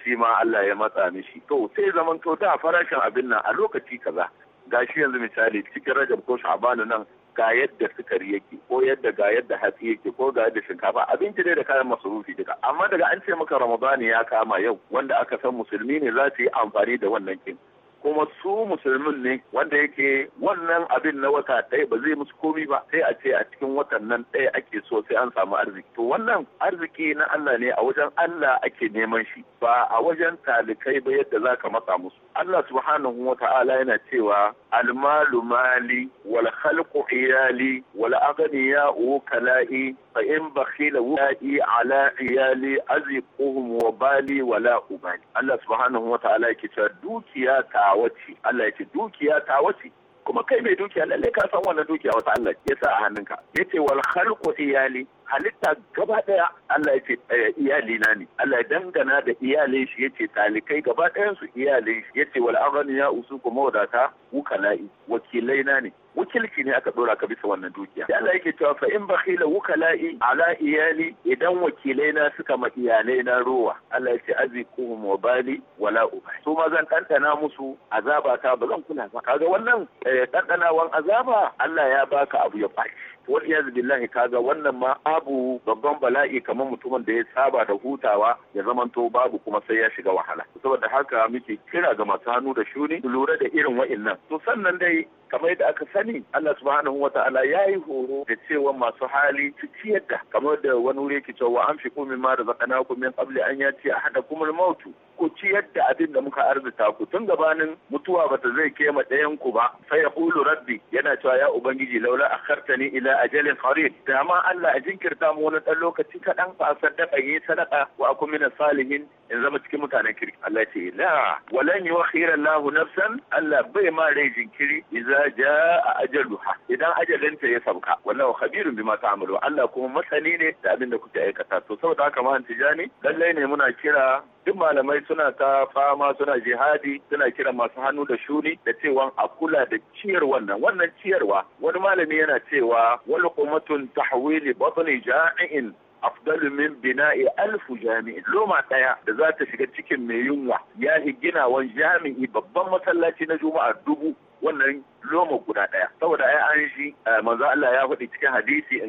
shi ma Allah ya matsa mishi to sai zaman to da farashin abin nan a lokaci kaza gashi yanzu misali cikin Rajab ko Sha'ban nan ga yadda sukari yake ko yadda ga yadda hatsi yake ko ga yadda shinkafa abinci ne da kayan masarufi duka amma daga an ce maka ramadani ya kama yau wanda aka san musulmi ne za su yi amfani da wannan kin kuma su musulmin ne wanda yake wannan abin na wata ɗaya ba zai musu komi ba sai a ce a cikin watan nan ɗaya ake so sai an samu arziki to wannan arziki na Allah ne a wajen Allah ake neman shi ba a wajen talikai ba yadda za ka matsa musu Allah subhanahu wa ta'ala yana cewa almalu mali wal khalqu iyali wal aghniya kala'i fa in bakhila wula'i ala iyali aziquhum wa bali wala ubali Allah subhanahu wa ta'ala yake cewa dukiya ta wace Allah yake dukiya ta wace kuma kai mai dukiya lalle ka san wannan dukiya wata Allah ya sa a hannunka yace wal khalqu iyali halitta gaba daya Allah ya ce eh, iyali na ne Allah ya dangana da iyalin shi yace talikai gaba ɗayan su iyalin shi yace wal aghniya usukum wadata wukala'i wakilai na ne wakilci ne aka dora ka bisa wannan dukiya da Allah yake cewa fa in bakhila wukala'i ala iyali idan wakilai na suka ma iyalai na ruwa Allah yake ce azikuhum wa bali wala ubai su ma zan dandana musu azaba ta ba zan kula ba kaga wannan dandanawan eh, azaba Allah ya baka abu ya fashi wal iyaz billahi kaga wannan ma abu babban bala'i kamar mutumin da ya saba da hutawa ya zamanto babu kuma sai ya shiga wahala saboda haka muke kira ga masu hannu da shuni lura da irin wa'annan to sannan dai kamar yadda aka sani Allah subhanahu wa ta'ala ya yi horo da cewa masu hali su ciyar da kamar da wani wuri yake cewa an fi kumi ma da zakana min qabli an yaci a hada kumar mautu ku ci yadda abin da muka arzika ku tun gabanin mutuwa bata zai kema ɗayan ku ba fa yaqulu rabbi yana cewa ya ubangiji laula a ila ajalin qarib da ma Allah a jinkirta mu wani dan lokaci ka fa sadaka yi sadaka wa aku min salihin in zama cikin mutanen kirki Allah ce la walan yuakhir Allah nafsan Allah bai ma rai jinkiri idza jaa ajaluha idan ajalin ya sauka wallahu khabirun bima ta'malu Allah kuma masani ne da abin da kuke aikata to saboda haka ma tijani lallai ne muna kira duk malamai suna ta fama suna jihadi suna kiran masu hannu da shuni da cewa a kula da ciyar wannan wannan ciyarwa wani malami yana cewa wal qumatun tahwili batni ja'in afdalu min bina'i alfu jami'in loma daya da za ta shiga cikin mai yunwa ya ginawan jami'i babban masallaci na juma'a dubu wannan loma guda ɗaya saboda ai an shi eh, manzo Allah ya faɗi cikin hadisi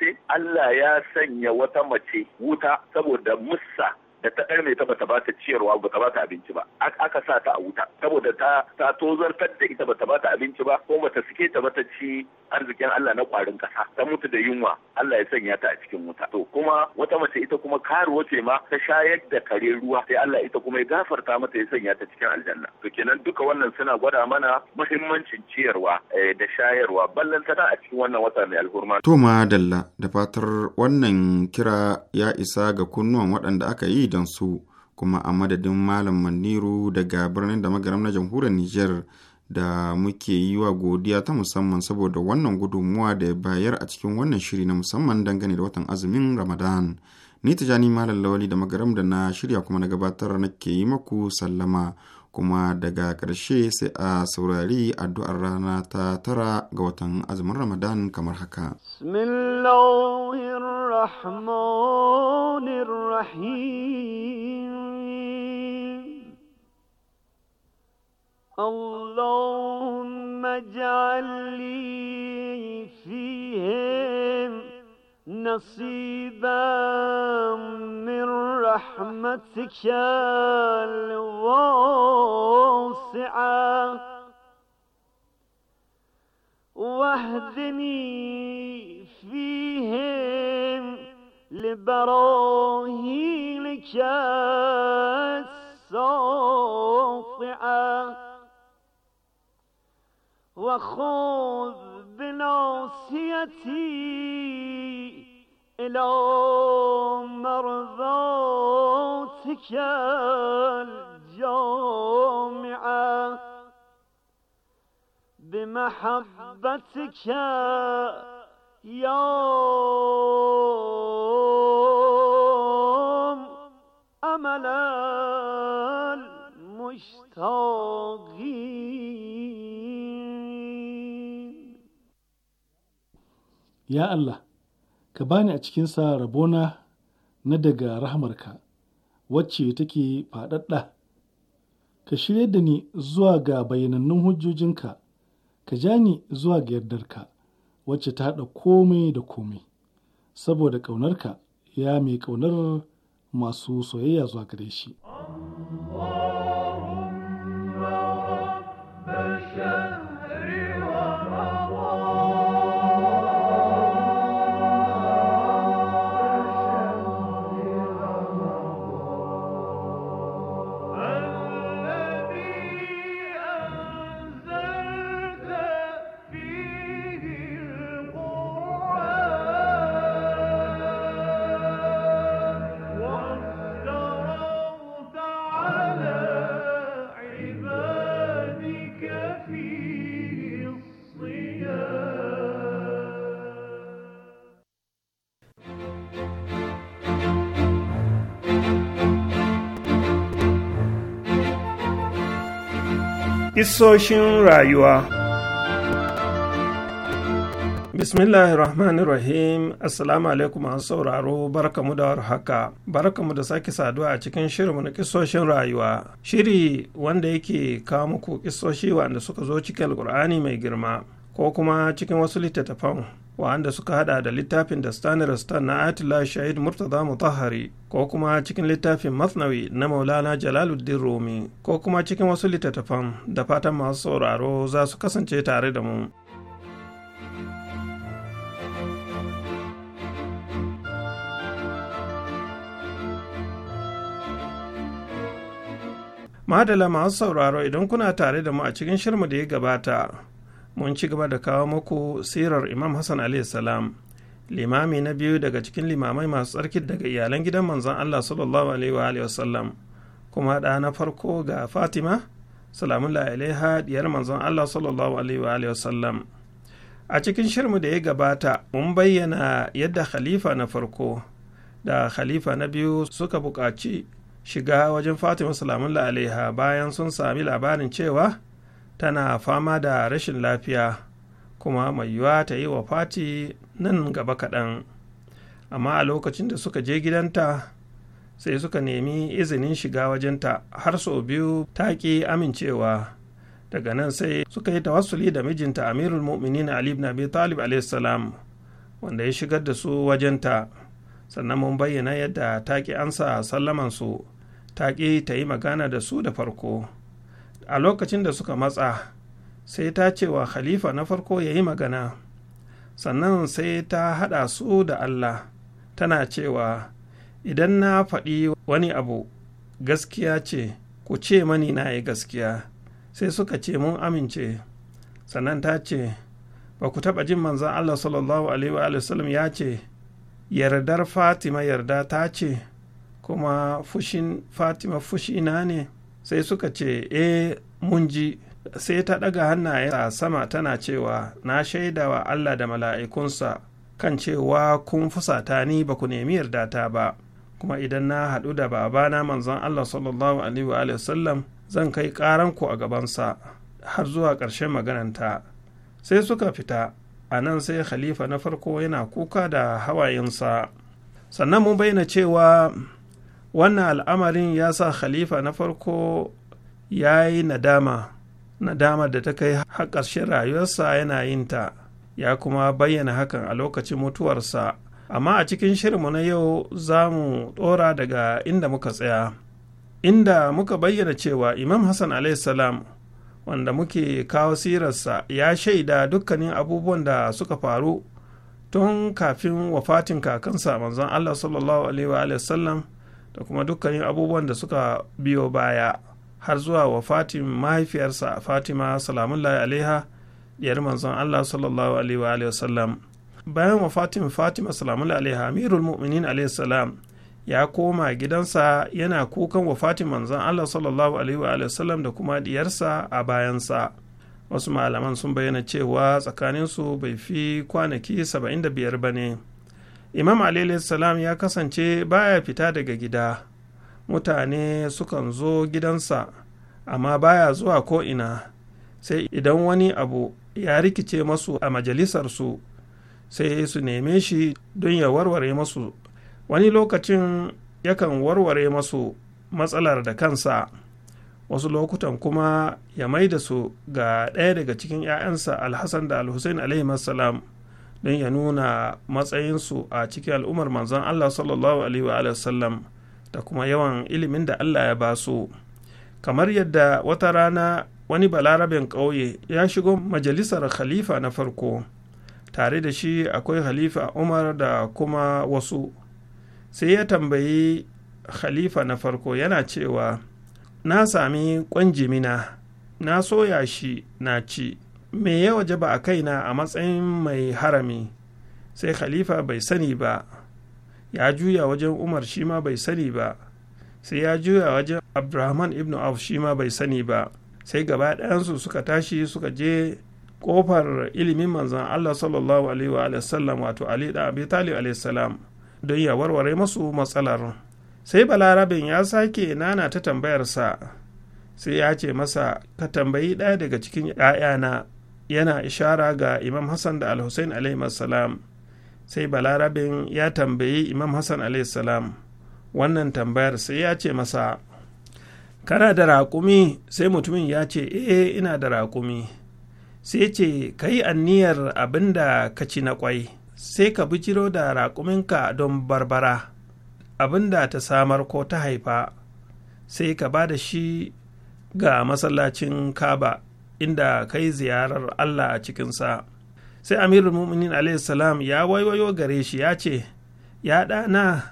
ce Allah ya sanya wata mace wuta saboda musa. da ta ɗarme ta bata bata ciyarwa bata bata abinci ba aka sa ta a wuta saboda ta ta tozartar da ita bata bata abinci ba ko bata sike ta bata ci arzikin Allah na ƙwarin ƙasa ta mutu da yunwa Allah ya sanya ta a cikin wuta to kuma wata mace ita kuma karuwa ce ma ta shayar da kare ruwa sai Allah ita kuma ya gafarta mata ya sanya ta cikin aljanna to kenan duka wannan suna gwada mana muhimmancin ciyarwa eh, da shayarwa ballan tana a cikin wannan wata mai alhurma to ma Dalla, da fatar wannan kira ya isa ga kunnuwan waɗanda aka yi su kuma a madadin malam maniru daga birnin da magaram na jamhuriyar niger da muke yi wa godiya ta musamman saboda wannan gudunmuwa da bayar a cikin wannan shiri na musamman dangane da watan azumin ramadan ni tijani malam lawali da magaram da na shirya kuma na gabatar nake yi maku sallama kuma daga ƙarshe sai a saurari addu'ar rana ta tara ga watan azumin ramadan kamar haka اللهم اجعل لي فيهم نصيبا من رحمتك الواسعة واهدني فيهم لبراهينك الساطعة وخذ ناصيتي إلى مرضاتك الجامعة بمحبتك يا أمل المشتاقين Ya Allah, ka bani a cikin sa rabona na daga rahamarka, wacce take faɗaɗɗa. Ka shirya da ni zuwa ga bayanannun hujjojinka, ka ja ni zuwa ga yardarka, wacce ta haɗa komai da komai, saboda ƙaunarka ya mai ƙaunar masu soyayya zuwa gare shi. Isoshin rayuwa Bismillahirrahmanirrahim Assalamu alaikum an sauraro barkamu da warhaka barkamu da sake saduwa a cikin shirinmu na kisoshin rayuwa shiri wanda yake kawo muku kisoshi wanda suka zo cikin alkur'ani mai girma ko kuma cikin wasu littattafan wa'anda suka hada da littafin da stanir stan na atila shahid murtaza mutahari ko kuma cikin littafin masnawi na maulana jalaluddin rumi ko kuma cikin wasu littattafan da fatan masu sauraro za su kasance tare da mu madala masu sauraro idan kuna tare da mu a cikin shirmu da ya gabata mun ci gaba da kawo muku sirar imam hassan salam limami na biyu daga cikin limamai masu tsarki daga iyalan gidan manzon allah sallallahu alaihi wa wasallam kuma ɗa na farko ga fatima salamun alaiha diyar manzon allah sallallahu alaihi wa wasallam a cikin shirmu da ya gabata mun bayyana yadda khalifa na farko da khalifa na biyu suka buƙaci shiga wajen fatima salamun alaiha bayan sun sami labarin cewa tana fama da rashin lafiya kuma mai yiwuwa ta yi wa fati nan gaba kaɗan amma a lokacin da suka je gidanta sai suka nemi izinin shiga wajenta har sau biyu ta ƙi amincewa daga nan sai suka yi tawassuli da mijinta amirul mu'minin ali ibn abi talib salam wanda ya shigar da su wajenta sannan mun bayyana yadda ta ƙi ansa sallaman su ta ƙi ta yi magana da su da farko a lokacin da suka matsa sai ta ce wa khalifa na farko ya yi magana sannan sai ta haɗa su da allah tana cewa idan na faɗi wani abu gaskiya ce ku ce mani na yi gaskiya sai suka ce mun amince sannan ta ce ba ku taɓa jin manzan allah sallallahu alaihi wa ya ce yardar fatima yarda ta ce kuma fushin fatima fushina ne sai suka ce e mun ji sai ta ɗaga hannayensa sama tana cewa na shaidawa Allah da mala'ikunsa kan cewa kun fusata ni ba ku nemi yardata ba kuma idan na haɗu da babana manzon Allah sallallahu alaihi wa sallam zan kai ƙaranku a gabansa har zuwa ƙarshen magananta sai suka fita a nan sai khalifa na farko yana kuka da hawayensa sannan mun bayyana cewa wannan al'amarin ya sa khalifa na farko ya yi nadama nadama da ta kai har ƙarshen rayuwarsa yana yin ta ya kuma bayyana hakan a lokacin mutuwarsa amma a cikin shirinmu na yau za mu ɗora daga inda muka tsaya inda muka bayyana cewa imam hassan salam wanda muke kawo sirarsa ya shaida dukkanin abubuwan da suka faru tun kafin wafatin kakansa manzon allah sallallahu alaihi wa sallam da kuma dukkanin abubuwan da suka biyo baya har zuwa wa fatim mahaifiyarsa fatima salamullahi alaiha diyar manzon allah sallallahu alaihi wa wasallam bayan wa fatim fatima salamullahi alaiha amirul mu'minin alaihi salam ya koma gidansa yana kukan wa fatim manzon allah sallallahu alaihi wa wasallam da kuma diyarsa a bayansa wasu malaman sun bayyana cewa tsakaninsu bai fi kwanaki 75 ba ne imam salam ya kasance baya fita daga gida mutane sukan zo gidansa amma baya zuwa ko'ina sai idan wani abu ya rikice masu a majalisarsu sai su neme shi don ya warware masu wani lokacin yakan warware masu matsalar da kansa wasu lokutan kuma ya maida su ga ɗaya daga cikin 'ya'yansa alhassan da alhussein alaihi don ya nuna matsayinsu a cikin al'ummar manzon Allah sallallahu alaihi wa sallam da kuma yawan ilimin da Allah ya ba su kamar yadda wata rana wani balaraben ƙauye ya shigo majalisar khalifa na farko tare da shi akwai khalifa umar da kuma wasu sai ya tambayi khalifa na farko yana cewa na sami ƙwanjimina na soya shi na ci me ya waje ba a na a matsayin mai harami sai khalifa bai sani ba ya juya wajen umar shi ma bai sani ba sai ya juya wajen abdurrahman ibn auf shi ma bai sani ba sai gaba ɗayansu suka tashi suka je kofar ilimin manzan allah sallallahu alaihi wa sallam wato ali da abi talib alaihi salam don ya warware masu matsalar sai balarabin ya sake nana ta tambayarsa sai ya ce masa ka tambayi ɗaya daga cikin ‘ya'yana yana ishara ga imam hassan da al-hussein salam sai balarabin ya tambayi imam hassan salam wannan tambayar sai ya ce masa kana da raƙumi sai mutumin ya ce eh ina da raƙumi sai ce ka yi anniyar abin da ka ci na kwai sai ka bijiro da raƙuminka don barbara abin da ta samar ko ta haifa sai ka ba da shi ga masallacin kaba inda kai ziyarar Allah a cikinsa sai amirul mu'minin salam ya waiwayo gare shi ya ce ya ɗana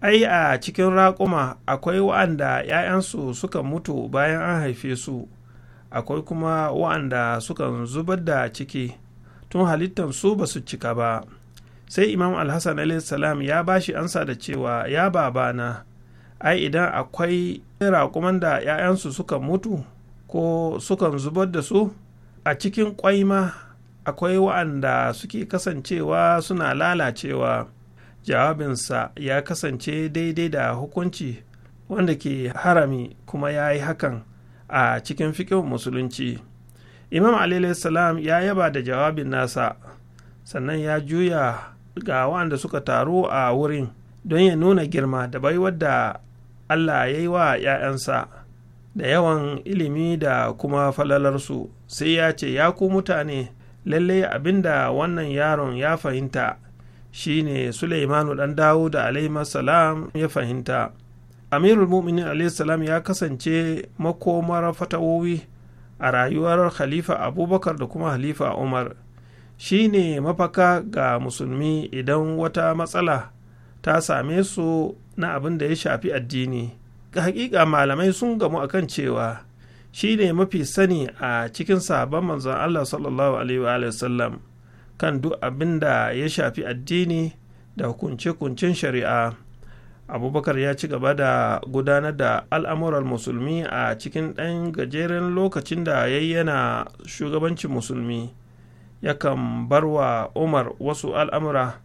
ai a cikin raƙuma akwai wa'anda 'ya'yansu suka mutu bayan an haife su akwai kuma wa'anda sukan zubar da ciki tun halittar su ba su cika ba sai imam alhassan salam ya bashi ansa da cewa ya babana ai idan akwai raƙuman da 'ya'yansu suka mutu ko sukan zubar da su a cikin ƙwaima akwai wa'anda suke kasancewa suna lalacewa jawabinsa ya kasance daidai da hukunci wanda ke harami kuma ya yi hakan a cikin fikin musulunci imam salam ya yaba da jawabin nasa sannan ya juya ga wanda suka taru a wurin don ya nuna girma da baiwar da allah ya yi wa 'ya'yansa da yawan ilimi da kuma falalarsu sai ya ce ya ku mutane lalle abinda wannan yaron ya fahimta shine Suleimanu dan dawo da salam ya fahimta Amirul Mu'minin ya kasance makomar fatawowi a rayuwar Khalifa Abubakar da kuma halifa Umar shine mafaka ga musulmi idan wata matsala ta same su na abin da ya shafi addini hakika malamai sun gamu a kan cewa shi ne mafi sani a cikin sabon manzon Allah sallallahu alaihi wa kan duk abin da ya shafi addini da hukunce-hukuncen shari'a abubakar ya ci gaba da gudanar da al'amurar musulmi a cikin ɗan gajeren lokacin da ya yana shugabancin musulmi yakan bar wa umar wasu al'amura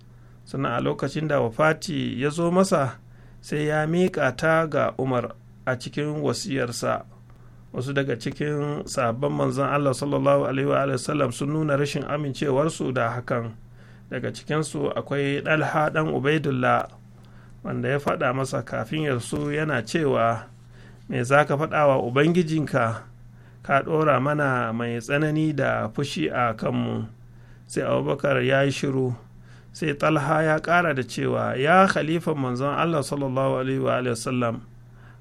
sannan a lokacin da wafati ya zo masa sai ya miƙa ta ga umar a cikin wasiyarsa wasu daga cikin sabon manzan allah sallallahu alaihi wa sallam sun nuna rashin amincewarsu da hakan daga cikinsu akwai ɗalha ɗan ubaidullah wanda ya faɗa masa kafin yarsu yana cewa me za ka faɗa wa ubangijinka ka ɗora mana mai tsanani da fushi a kanmu sai abubakar ya yi shiru sai talha ya ƙara da cewa ya khalifa manzon allah sallallahu alaihi wa sallam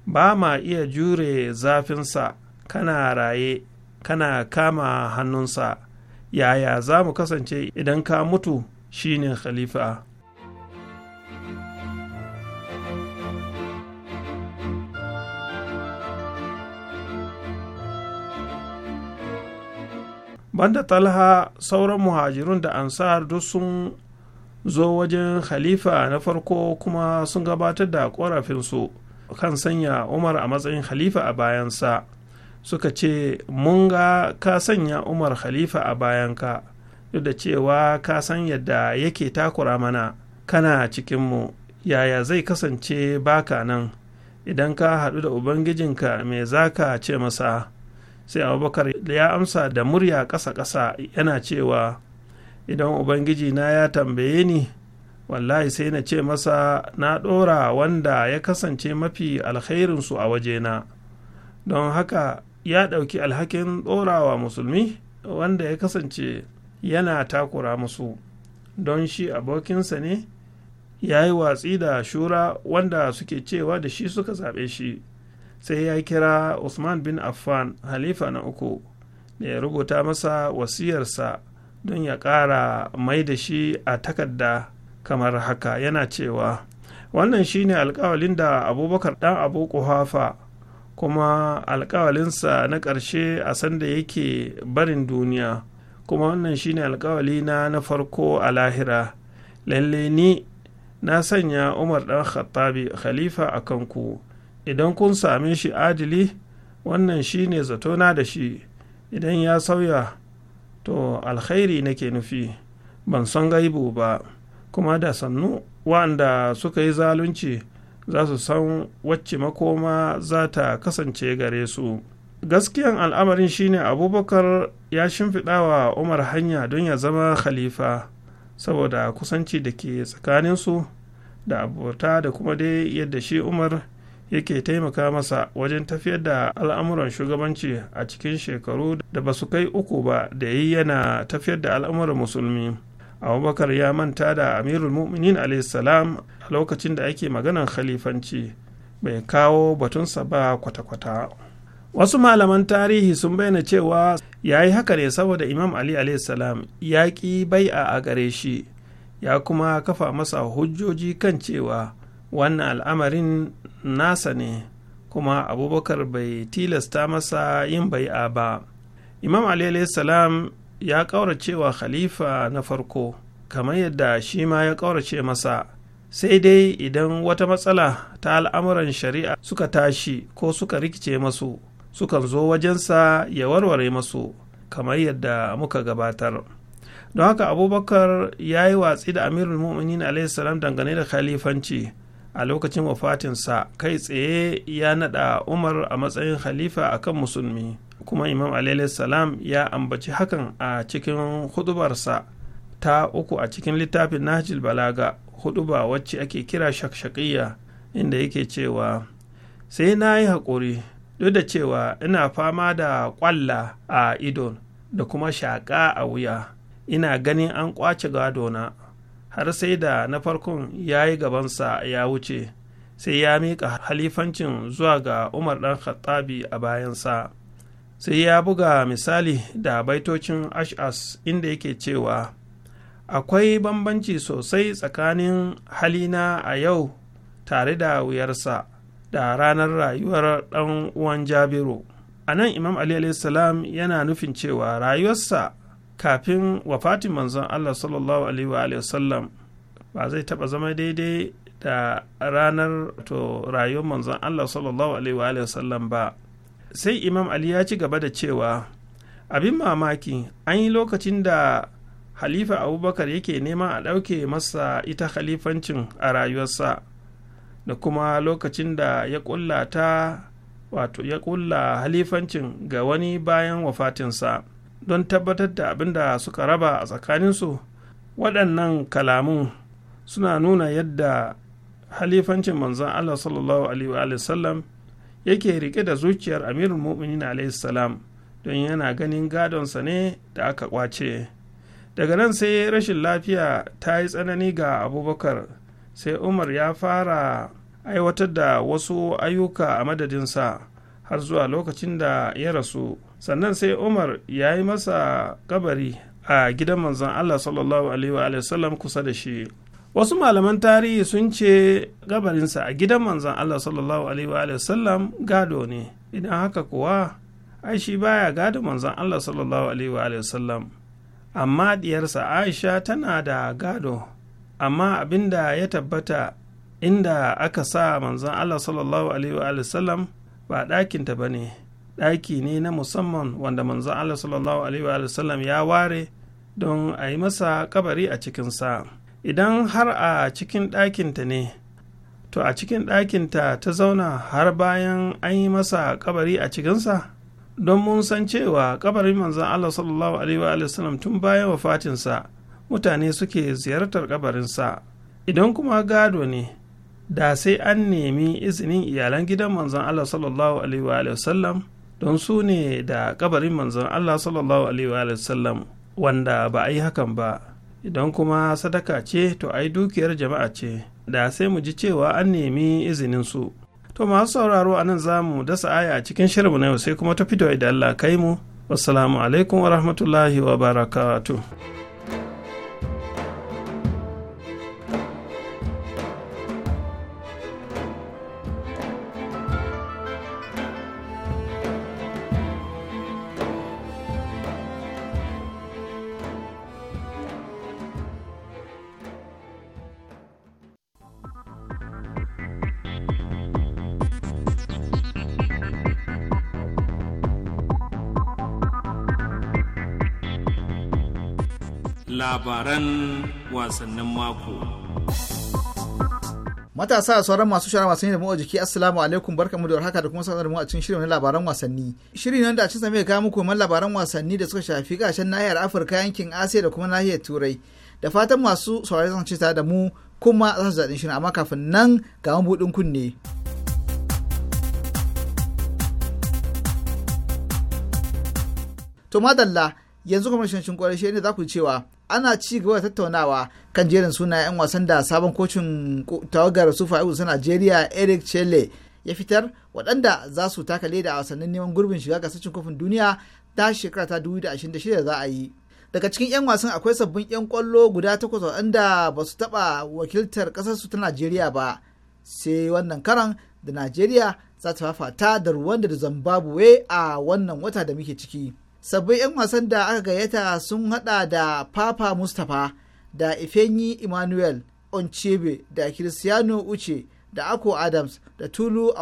ba ma iya jure zafinsa kana raye kana kama hannunsa yaya za mu kasance idan ka mutu shine khalifa banda talha sauran muhajirun da ansar duk sun zo wajen khalifa na farko kuma sun gabatar da korafinsu kan sanya umar a matsayin khalifa a bayansa suka ce mun ga ka sanya umar khalifa a bayanka duk da cewa ka san yadda yake takura mana kana cikinmu yaya zai kasance baka nan idan ka haɗu da ubangijinka mai za ka ce masa sai abubakar ya amsa da murya ƙasa-ƙasa yana cewa idan ubangiji na ya tambaye ni wallahi sai na ce masa na ɗora wanda ya kasance mafi alkhairinsu a wajena don haka ya ɗauki alhakin ɗorawa musulmi wanda ya kasance yana takura musu don shi abokinsa ne ya yi watsi da shura wanda suke cewa da shi suka zaɓe shi sai ya kira usman bin affan halifa na uku da ya rubuta masa wasiyarsa don ya ƙara mai da shi a takarda kamar haka yana cewa wannan shine alkawalin da abubakar dan abu kuhafa kuma alkawalinsa na ƙarshe a sanda yake barin duniya kuma wannan shine alkawali na na farko a lahira lalle ni na sanya umar dan khattabi khalifa a kanku idan kun same shi adili wannan shine na da shi idan ya sauya to alkhairi nake nufi ban san gaibu ba kuma da sannu wa'anda suka yi zalunci za su san wacce makoma za ta kasance gare su gaskiyan al'amarin shine abubakar ya shimfiɗa wa umar hanya don ya zama khalifa saboda kusanci da ke tsakaninsu da abota da kuma dai yadda shi umar yake taimaka masa wajen tafiyar da al'amuran shugabanci a cikin shekaru da ba su kai uku ba da yi yana tafiyar da al'amuran musulmi abubakar ya manta da amirul mu'minin salam a lokacin da ake maganan khalifanci bai kawo batunsa ba kwata-kwata wasu malaman tarihi sun bayyana cewa ya yi haka ne saboda imam ali salam ya ƙi bai'a a gare shi ya kuma kafa masa hujjoji kan cewa wannan al'amarin nasa ne kuma abubakar bai tilasta masa yin bai'a ba imam ali salam ya ƙauracewa khalifa na farko kamar yadda shi ma ya ƙaurace masa sai dai idan wata matsala ta al'amuran shari'a suka tashi ko suka rikice masu sukan zo wajensa ya warware masu kamar yadda muka gabatar don haka abubakar ya yi watsi da amirul mu'minin salam dangane da khalifanci a lokacin wafatinsa kai tsaye ya naɗa umar a matsayin khalifa kan musulmi kuma imam alaihi salam ya ambaci hakan a cikin hudubarsa ta uku a cikin littafin nahjil balaga huduba wacce ake kira shakshakiya inda yake cewa sai na yi haƙuri duk da cewa ina fama da ƙwalla a idon da kuma shaƙa a wuya ina ganin an ƙwace gadona har sai da na farkon ya yi gabansa ya wuce sai ya miƙa halifancin zuwa ga umar ɗan khattabi a bayansa sai ya buga misali da baitocin ash'as inda yake cewa akwai bambanci sosai tsakanin halina a yau tare da wuyarsa da ranar rayuwar ɗan uwan jabiru a nan imam ali salam yana nufin cewa rayuwarsa kafin wafatin manzon Allah sallallahu alaihi Sallam ba zai taɓa zama daidai da ranar to rayuwar manzon Allah sallallahu alaihi Sallam ba sai imam Ali ya ci gaba da cewa abin mamaki an yi lokacin da halifa abubakar yake nema a ɗauke masa ita khalifancin a rayuwarsa da kuma lokacin da ya ƙulla ta wato ya ƙulla halifancin ga wani bayan wafatinsa. don tabbatar da abin da suka raba a tsakaninsu waɗannan kalamun suna nuna yadda halifancin manzon Allah sallallahu alaihi yake riƙe da zuciyar amirin mu'minin salam don yana ganin gadonsa ne da aka ƙwace. daga nan sai rashin lafiya ta yi tsanani ga abubakar sai umar ya fara aiwatar da wasu ayyuka a madadinsa har zuwa lokacin da ya rasu sannan sai umar ya yi masa kabari a gidan manzon allah sallallahu alaihi wa sallam kusa da shi wasu malaman tarihi sun ce gabarinsa a gidan manzon allah sallallahu alaihi wa sallam gado ne idan haka kuwa ai shi baya gado manzon allah sallallahu alaihi wa sallam amma diyarsa aisha tana da gado amma abinda ya tabbata inda aka sa manzon allah sallallahu alaihi wa sallam ba ɗakinta ba ne ɗaki ne na musamman wanda manzan Allah sallallahu alaihi wa ya ware don a yi masa kabari a cikinsa idan har a cikin ɗakinta ne to a cikin ɗakinta ta zauna har bayan an yi masa kabari a cikinsa don mun san cewa kabarin manzan Allah sallallahu alaihi wa sallam tun bayan wafatinsa mutane suke ziyartar kabarinsa idan kuma gado ne da sai an nemi izinin iyalan gidan manzon Allah sallallahu alaihi wa don su ne da kabarin manzon Allah sallallahu alaihi wa sallam wanda ba a yi hakan ba idan kuma sadaka ce to ai dukiyar jama'a ce da sai mu ji cewa an nemi izinin su to masu sauraro a nan za mu dasa aya a cikin shirinmu na yau sai kuma ta fito idan Allah kai mu wassalamu alaikum wa rahmatullahi wa barakatuh labaran wasannin mako. Matasa a sauran masu shara wasanni da motsa jiki assalamu alaikum barkamu da haka da kuma sanar mu a cikin shirin labaran wasanni. Shirin nan da a cikin mai kawo muku man labaran wasanni da suka shafi gashin nahiyar Afirka yankin Asiya da kuma nahiyar Turai. Da fatan masu saurari zan cita da mu kuma za su zaɗin shirin amma kafin nan ga mabuɗin kunne. To madalla yanzu kuma shanshin kwarai shi ne za ku cewa ana ci gaba tattaunawa kan jerin suna 'yan wasan da sabon kocin tawagar sufa ta najeriya eric chele ya fitar waɗanda za su taka leda a wasannin neman gurbin shiga gasar kofin duniya ta shekara ta 2026 za a yi daga cikin 'yan wasan akwai sabbin 'yan kwallo guda takwas waɗanda ba su taɓa wakiltar ƙasarsu ta najeriya ba sai wannan karan da najeriya za ta fafata da ruwan da zimbabwe a wannan wata da muke ciki. sabbin 'yan wasan da aka gayyata sun hada da papa mustapha da ifenyi emmanuel onchebe da cristiano uche da ako adams da tulu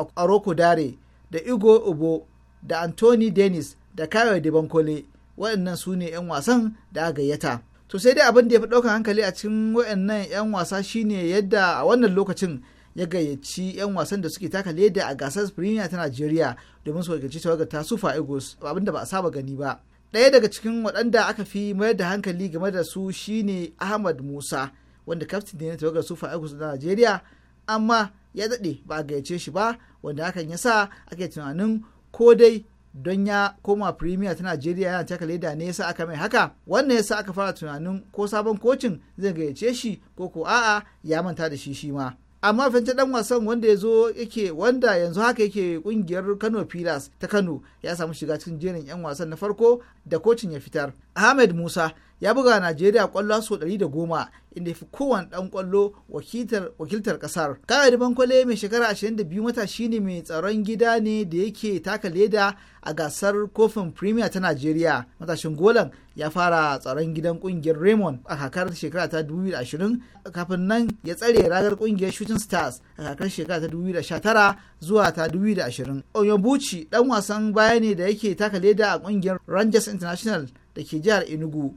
dare da igo ubo da anthony dennis da kawai bankole waɗannan su ne 'yan wasan da aka gayyata to sai dai abin da ya fi ɗaukar hankali a cikin waɗannan 'yan wasa shine yadda a wannan lokacin ya gayyaci 'yan wasan da suke taka leda a gasar premier ta Najeriya domin su wakilci tawagar ta Super Eagles abinda ba a saba gani ba. Ɗaya daga cikin waɗanda aka fi mayar da hankali game da su shine Ahmad Musa wanda kaftin ne na tawagar Super Eagles na Najeriya amma ya daɗe ba a gayyace shi ba wanda hakan ya sa ake tunanin ko dai don ya koma premier ta Najeriya yana taka leda ne yasa aka mai haka wannan yasa aka fara tunanin ko sabon kocin zai gayyace shi ko ko a'a ya manta da shi shi ma amma fanta dan wasan wanda ya zo yake wanda yanzu haka yake kungiyar kano pilas ta kano ya samu shiga cikin jerin yan wasan na farko da kocin ya fitar ahmed musa ya buga Najeriya kwallo sau ɗari da goma inda ya fi kowane ɗan kwallo wakiltar ƙasar. Kayode kwale mai shekara 22 matashi ne mai tsaron gida ne da yake taka leda a gasar kofin Premier ta Najeriya. Matashin golan ya fara tsaron gidan ƙungiyar Raymond a kakar shekara ta 2020 kafin nan ya tsare ragar ƙungiyar Shooting Stars a kakar shekara ta 2019 zuwa ta 2020. Onyobuchi ɗan wasan baya ne da yake taka leda a ƙungiyar Rangers International da ke jihar Enugu.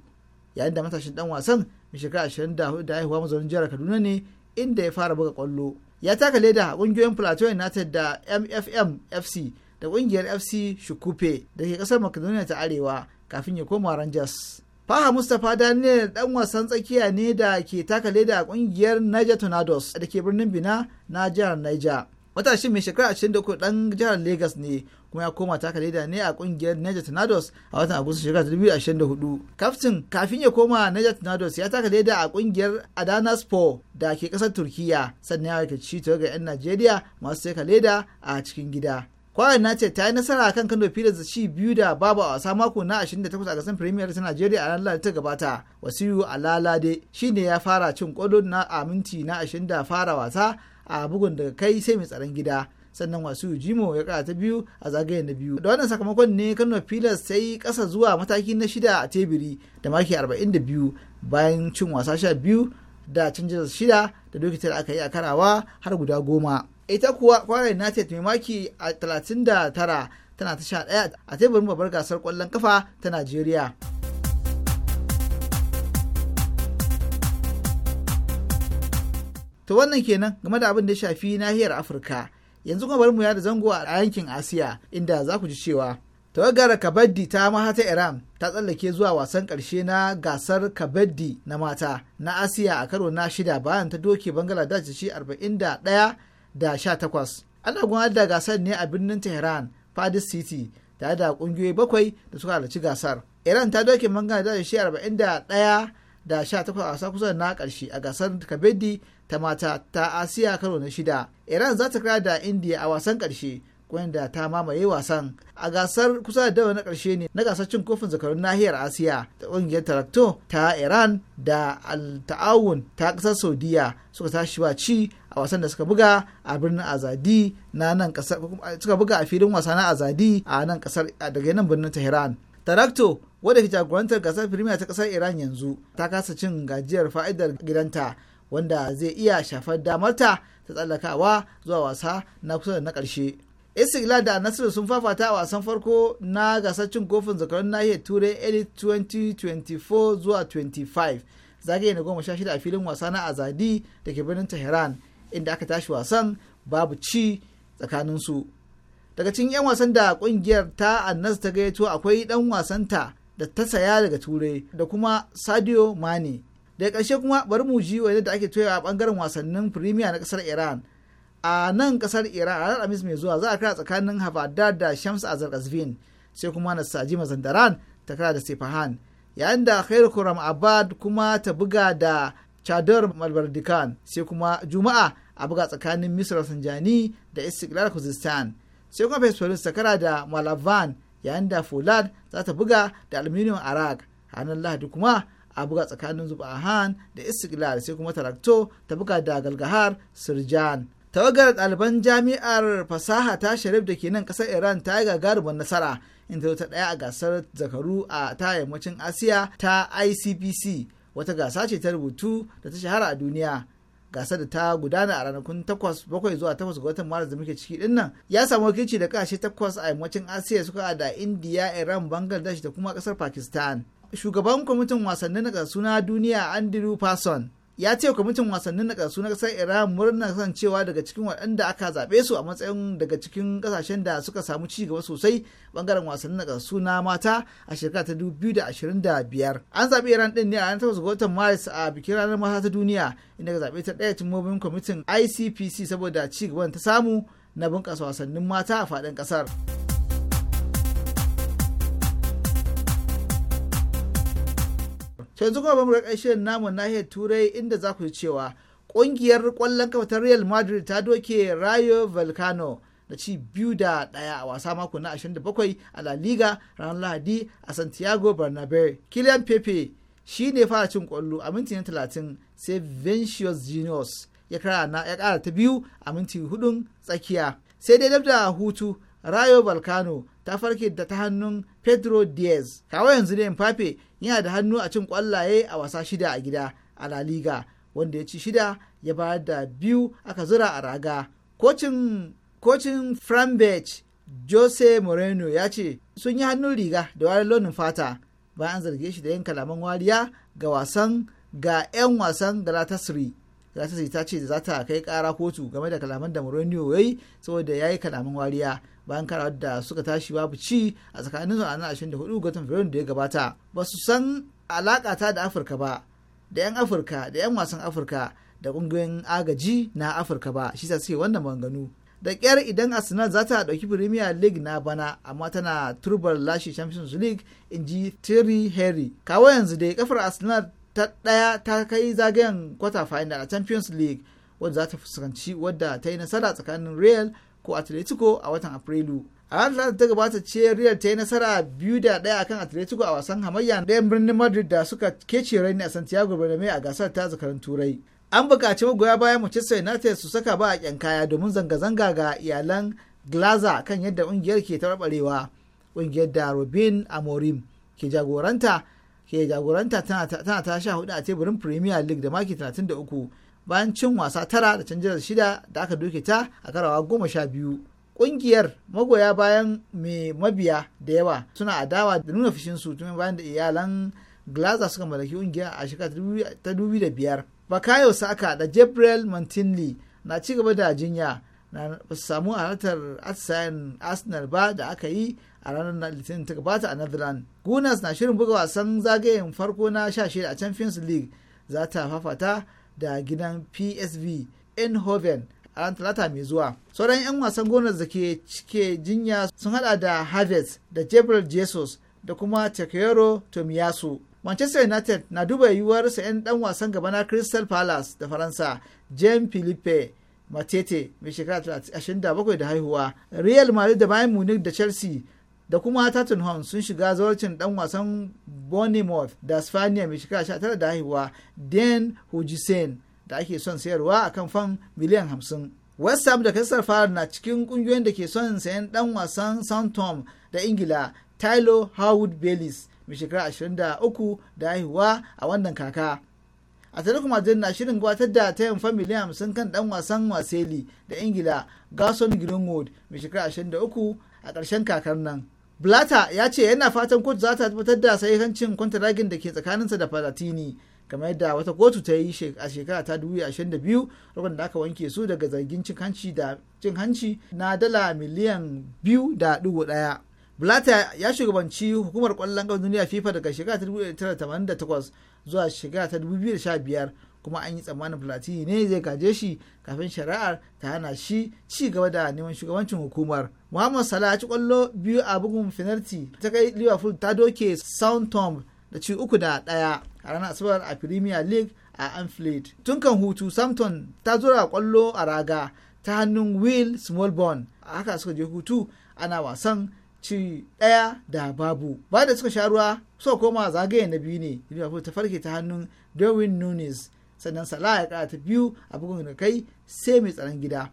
yayin da matashin dan wasan mai shekara 24 da haihuwa mazaunin jihar kaduna ne inda ya fara buga kwallo ya taka leda a kungiyoyin plateau united da mfm fc da kungiyar fc shukupe da ke kasar makedonia ta arewa kafin ya koma rangers faha mustapha daniel dan wasan tsakiya ne da ke taka leda a kungiyar niger tornadoes da ke birnin bina na jihar niger matashin mai shekara 23 dan jihar Legas ne kuma ya koma taka leda ne a kungiyar Niger Tornadoes a watan Agusta shekara 2024. Kaftin kafin ya koma Niger Tornadoes ya taka leda a kungiyar Sport da ke kasar Turkiya sannan ya rikici ga 'yan Najeriya masu taka leda a cikin gida. kwayan na ce ta yi nasara a kan kano da ci biyu da babu a wasa mako na 28 a gasar premier ta najeriya a ranar Lahadi ta gabata wasiyu alalade ne ya fara cin kwado na aminti na 20 da fara wasa a bugun daga kai sai mai tsaron gida sannan wasu jimo ya kara ta biyu a zagayen na biyu da wannan sakamakon ne kano pilas ta yi kasa zuwa mataki na shida a tebiri da maki 42 bayan cin wasa sha biyu da canjin shida da dokitar aka yi a karawa har guda goma ita kuwa kwara united mai maki a 39 tana ta sha daya a teburin babbar gasar kwallon kafa ta nigeria. to wannan kenan game da abin da ya shafi nahiyar afirka yanzu kuma bari mu yada zango a yankin asiya inda za ku ji cewa tawagar kabaddi ta mahata iran ta tsallake zuwa wasan karshe na gasar kabaddi na mata na asiya a karo na shida bayan ta doke bangladesh da shi 41 da 18 ana gudanar da gasar ne a birnin tehran fadis city tare da kungiyoyi bakwai da suka halarci gasar iran ta doke bangladesh da shi 41 da 18 a wasa kusa na karshe a gasar kabaddi ta mata ta asiya karo na shida iran za ta kira da indiya a wasan karshe wanda ta mamaye wasan a gasar kusa da dawa na karshe ne na gasar cin kofin zakarun nahiyar asiya da ƙungiyar tarakto ta iran da alta'awun ta kasar saudiya suka tashi wa ci a wasan da suka buga a birnin azadi na nan kasar suka buga a filin wasa na azadi a nan kasar daga nan birnin tehran tarakto wadda ke jagorantar gasar firimiya ta kasar iran yanzu ta kasa cin gajiyar fa'idar gidanta wanda zai iya shafar damar ta ta tsallakawa zuwa wasa na kusa da na ƙarshe. Istiklal da Nasir sun fafata a wasan farko na gasar cin kofin zakarun nahiyar Turai Elite 2024 zuwa 25 zagaye na goma sha shida a filin wasa na Azadi da ke birnin Tehran inda aka tashi wasan babu ci tsakaninsu. Daga cikin 'yan wasan da kungiyar ta Annas ta gayyato akwai dan wasanta da ta saya daga Turai da kuma Sadio Mane daga ƙarshe kuma bari mu ji wa da ake toya a bangaren wasannin firimiya na ƙasar iran a nan ƙasar iran a ranar amis mai zuwa za a kira tsakanin havadar da shams azar gazvin sai kuma na saji mazandaran ta kira da sefahan yayin da khair kuram abad kuma ta buga da chadar malbardikan sai kuma juma'a a buga tsakanin misra sanjani da istiklal kuzistan sai kuma fesfolis ta kira da malavan yayin da fulad za ta buga da aluminium arak ranar lahadi kuma a buga tsakanin han da istiklal sai kuma tarakto ta buga da galgahar sirjan tawagar ɗaliban jami'ar fasaha ta sharif da ke nan ƙasar iran ta yi gagarumin nasara inda ta ɗaya a gasar zakaru a ta yammacin asiya ta icpc wata gasa ce ta rubutu da ta shahara a duniya gasa da ta gudana a ranakun takwas bakwai zuwa 8 ga watan maris da muke ciki din ya samu wakilci da kashe takwas a yammacin asiya suka da indiya iran bangladesh da kuma kasar pakistan shugaban kwamitin wasannin na na duniya andrew parson ya ce kwamitin wasannin na ƙasa na ƙasar iran murna kasancewa daga cikin waɗanda aka zaɓe su a matsayin daga cikin ƙasashen da suka samu ci gaba sosai ɓangaren wasannin na mata a shekara ta 2025 an zaɓi iran ɗin ne a ranar 8 ga watan maris a bikin ranar mata ta duniya inda ka zaɓe ta ɗaya cimmomin kwamitin icpc saboda ci gaban ta samu na bunƙasa wasannin mata a faɗin ƙasar. to yanzu kuma bamu rika namu nahiyar turai inda za ku cewa ƙungiyar ƙwallon kafa ta real madrid ta doke rayo volcano da ci biyu da ɗaya a wasa mako na 27 a la liga ranar lahadi a santiago bernabeu kilian pepe shi ne fara cin ƙwallo a minti na 30 sai vincius genius ya kara ta biyu a minti hudun tsakiya sai dai da hutu rayo volcano ta farke da ta hannun pedro diaz kawai yanzu ne mpape yana da hannu a cin kwallaye a wasa shida a gida a La Liga wanda ya ci shida ya ba da biyu aka zura a raga. Kocin kocin Frambech Jose Moreno ya ce sun yi hannun riga da wari launin fata bayan an zarge shi da yin kalaman wariya ga wasan ga 'yan wasan Galatasaray. Galatasaray ta ce za ta kai kara kotu game da kalaman da Mourinho ya saboda ya yi kalaman wariya bayan karawar da suka tashi babu ci a tsakanin a ranar 24 ga fabrairu da ya gabata ba su san alaka ta da afirka ba da 'yan afirka da 'yan wasan afirka da ƙungiyoyin agaji na afirka ba shi suke wannan maganganu da ƙyar idan arsenal za ta ɗauki premier league na bana amma tana turbar lashe champions league in ji terry harry kawo yanzu dai kafar arsenal ta ɗaya ta kai zagayen kwata final a champions league wadda za ta fuskanci wadda ta yi nasara tsakanin real ko atletico a watan afrilu a ranar da ta gabata ce real ta yi nasara biyu da ɗaya kan atletico a wasan hamayya ɗayan birnin madrid da suka kece raini a santiago Bernabe a gasar ta zakaran turai an buƙaci magoya bayan manchester united su saka ba a ƙyan kaya domin zanga-zanga ga iyalan Glazer kan yadda ƙungiyar ke taɓarɓarewa ƙungiyar da robin amorim ke jagoranta ke jagoranta tana ta sha hudu a teburin premier league da maki 33 bayan cin wasa tara da canjar shida da aka doke ta a karawa goma sha biyu kungiyar magoya bayan mai mabiya da yawa suna adawa da nuna fushin su tun bayan da iyalan glaza suka mallaki kungiyar a shekara ta dubi da biyar bakayo saka da gabriel mantinli na ci gaba da jinya na samu halartar atisayen arsenal ba da aka yi a ranar litinin ta gabata a netherlands gunas na shirin buga wasan zagayen farko na sha shida a champions league za ta fafata da gidan psv eindhoven a ran talata mai zuwa sauran 'yan wasan gonar da ke cike jinya sun hada da harvest da gabriel jesus da kuma takayoro tomiyasu manchester united na duba yiwuwar yan dan wasan gaba na crystal palace da faransa jean philippe matete mai shekara 27 da haihuwa real madrid da bayan munich da chelsea da kuma Tottenham sun shiga zawarcin dan wasan Bournemouth da Spaniya mai shekara 19 da haihuwa Dan Hujisen da ake son sayarwa a kan fan miliyan 50. West Ham da kasar fara na cikin kungiyoyin da ke son sayan dan wasan Southampton da Ingila Tylo Howard bellis mai shekara 23 da haihuwa a wannan kaka. a Atletico Madrid na shirin gabatar da tayin fan miliyan 50 kan dan wasan Waseli da Ingila gason Greenwood mai shekara 23 a karshen kakar nan. Blatter ya ce yana fatan kotu za ta tabbatar da sahihancin kwantaragin da ke tsakaninsa da Falatini kamar yadda wata kotu ta yi a shekara ta 2022 rukun da aka wanke su daga zargin cin hanci da cin hanci na dala miliyan 2.1. Blatter ya shugabanci hukumar kwallon ƙasar duniya FIFA daga shekara ta 1988 zuwa shekara ta 2015 kuma an yi tsammanin platini ne zai gaje shi kafin shari'ar ta hana shi ci gaba da neman shugabancin hukumar muhammad salah ci kwallo biyu a bugun finarti ta kai liverpool ta doke tomb da ci uku da ɗaya a ranar asabar a premier league a anfield tun kan hutu samton ta zura kwallo a raga ta hannun will smallbone a haka suka je hutu ana wasan ci ɗaya da babu ba da suka sha ruwa suka koma zagaye na biyu ne liverpool ta farke ta hannun darwin nunes sannan sala ya kara ta biyu a bugun da kai sai mai tsaron gida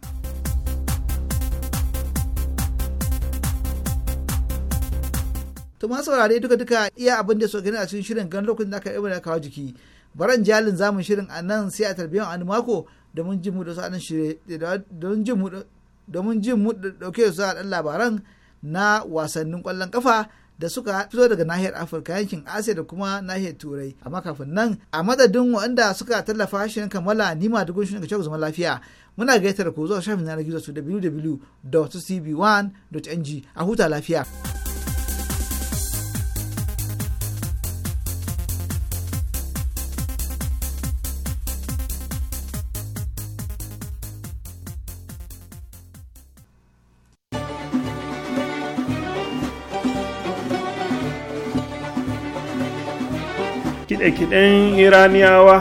Tumasa ma saurare duka duka iya abin da so gani a cikin shirin gan lokacin da aka yi da kawo jiki baran jalin zamun shirin a nan sai a tarbiyyar wani mako domin jin mu da sa'anin shirye domin jin mu dauke su a dan labaran na wasannin kwallon kafa da suka fito daga nahiyar afirka yankin asiya da kuma nahiyar turai amma kafin nan a madadin waɗanda suka tallafa shirin kammala nima da gunshin ga zaman lafiya muna gaitar ku zuwa shafin yanar gizo su www.cb1.ng a huta lafiya. kiɗe-kiɗen iraniyawa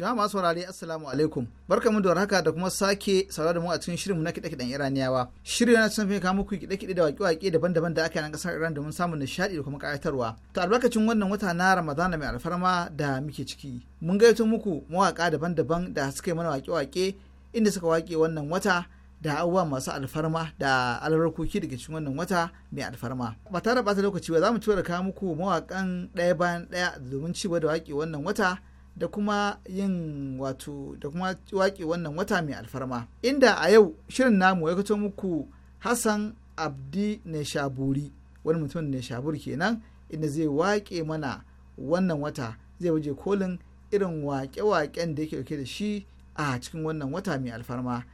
jama'a saurare assalamu alaikum barka mu da haka da kuma sake saurare da mu a cikin shirinmu na kiɗe-kiɗen iraniyawa shirin yana cikin fika muku kiɗe-kiɗe da waƙe-waƙe daban-daban da aka yi a ƙasar iran domin samun nishaɗi da kuma ƙayatarwa to albarkacin wannan wata na ramadana mai alfarma da muke ciki mun gaito muku mawaƙa daban-daban da suka yi mana waƙe-waƙe inda suka waƙe wannan wata da abubuwa masu alfarma da albarkoki daga cikin wannan wata mai alfarma ba tare bata lokaci ba za mu tura kawo muku mawakan ɗaya bayan ɗaya domin ci da waƙe wannan wata da kuma yin wato da kuma waƙe wannan wata mai alfarma inda a yau shirin namu ya kato muku hassan abdi neshaburi wani mutum shaburi kenan inda zai waƙe mana wannan wata zai waje kolin irin waƙe-waƙen da yake dauke da shi a cikin wannan wata mai alfarma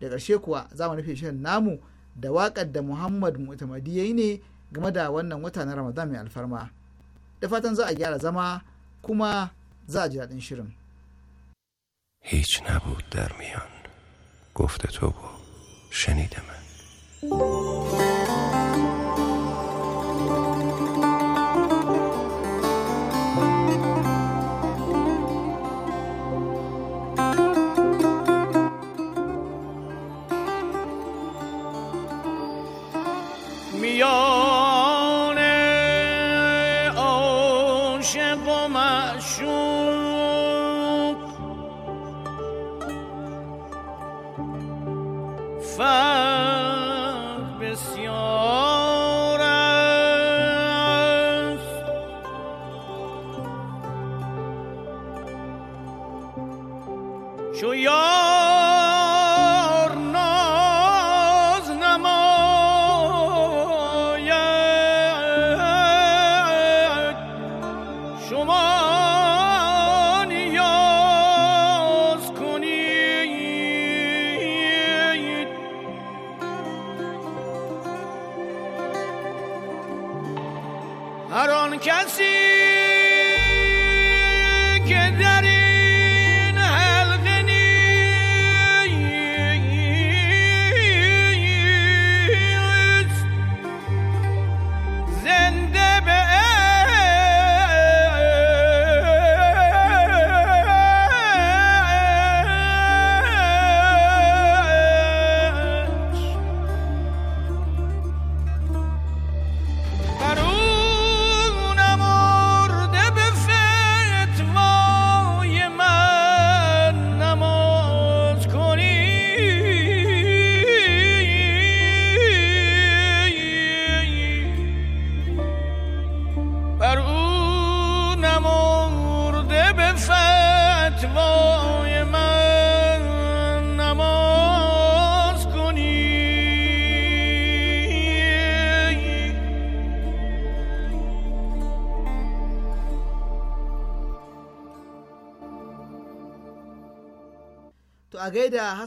da ƙarshe kuwa za mu rufe shirin namu da waƙar da muhammad mutamadi ya yi ne game da wannan wata na ramadan mai alfarma da fatan za a gyara zama kuma za a ji daɗin shirin هیچ نبود در میان تو و من me all.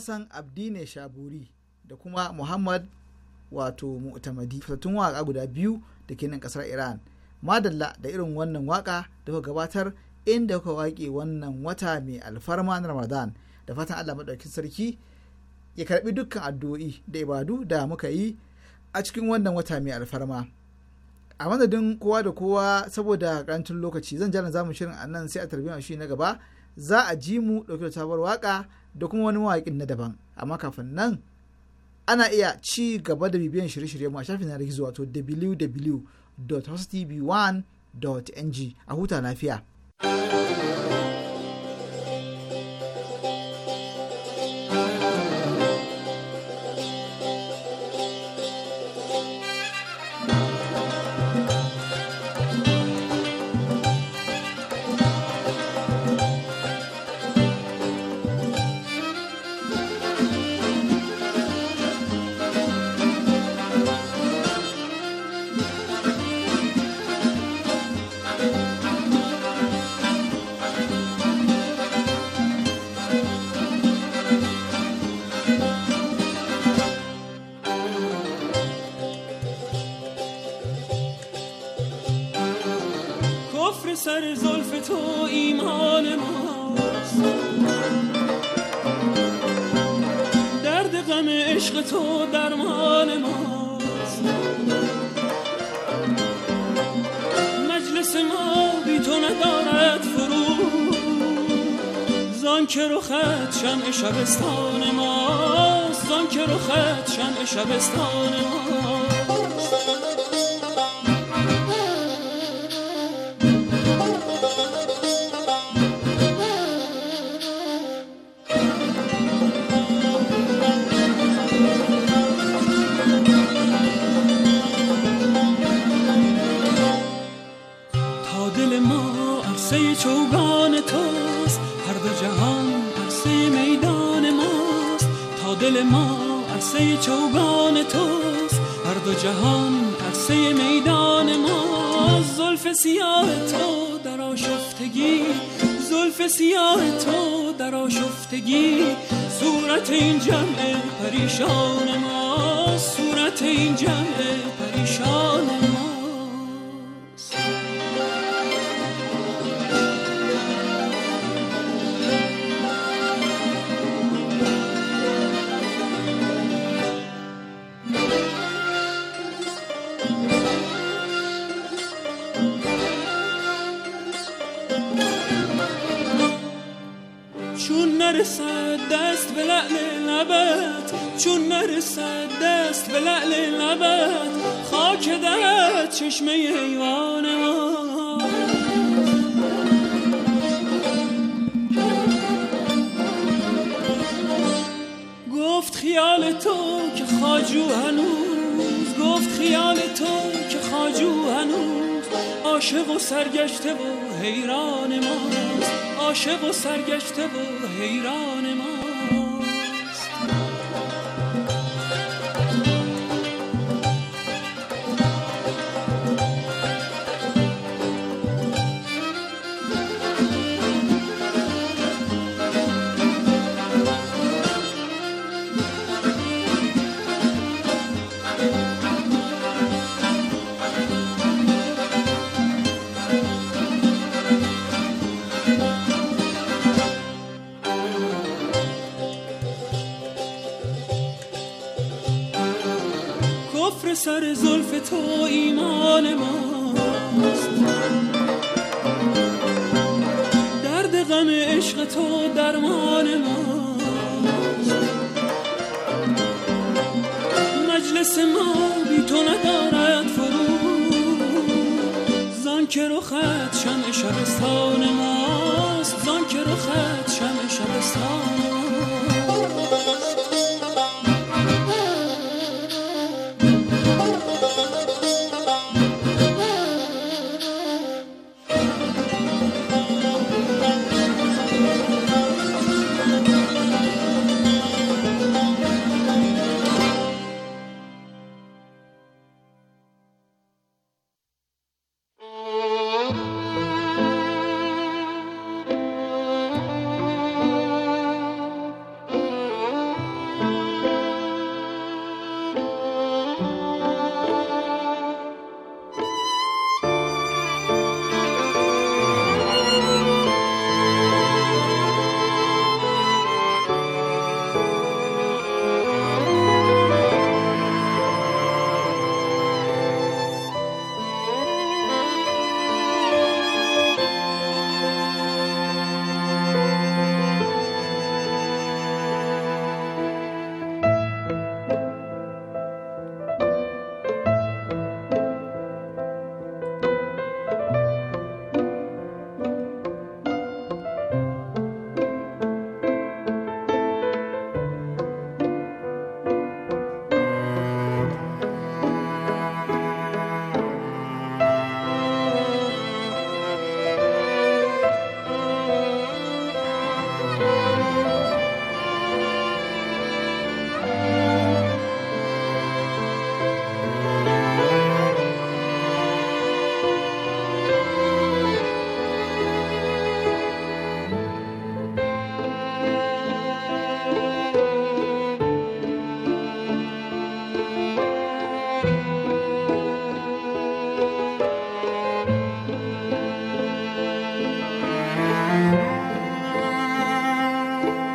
hassan abdine shaburi da kuma muhammad wato mu'tamadi fitattun waka guda biyu da ke nan kasar iran madalla da irin wannan waka da kuka gabatar inda kuka wake wannan wata mai alfarma na ramadan da fatan allah maɗaukin sarki ya karɓi dukkan addu'o'i da ibadu da muka yi a cikin wannan wata mai alfarma a madadin kowa da kowa saboda karancin lokaci zan jana zamu shirin a nan sai a tarbiyyar shi na gaba za a ji mu ɗauke da sabuwar waka da kuma wani mawaƙin na daban amma kafin nan ana iya ci gaba da bibiyan shirye-shirye mu a shafin yanar gizo wato www.hostv1.ng a huta lafiya. شبستان ماست آن که رخت شمع شبستان ما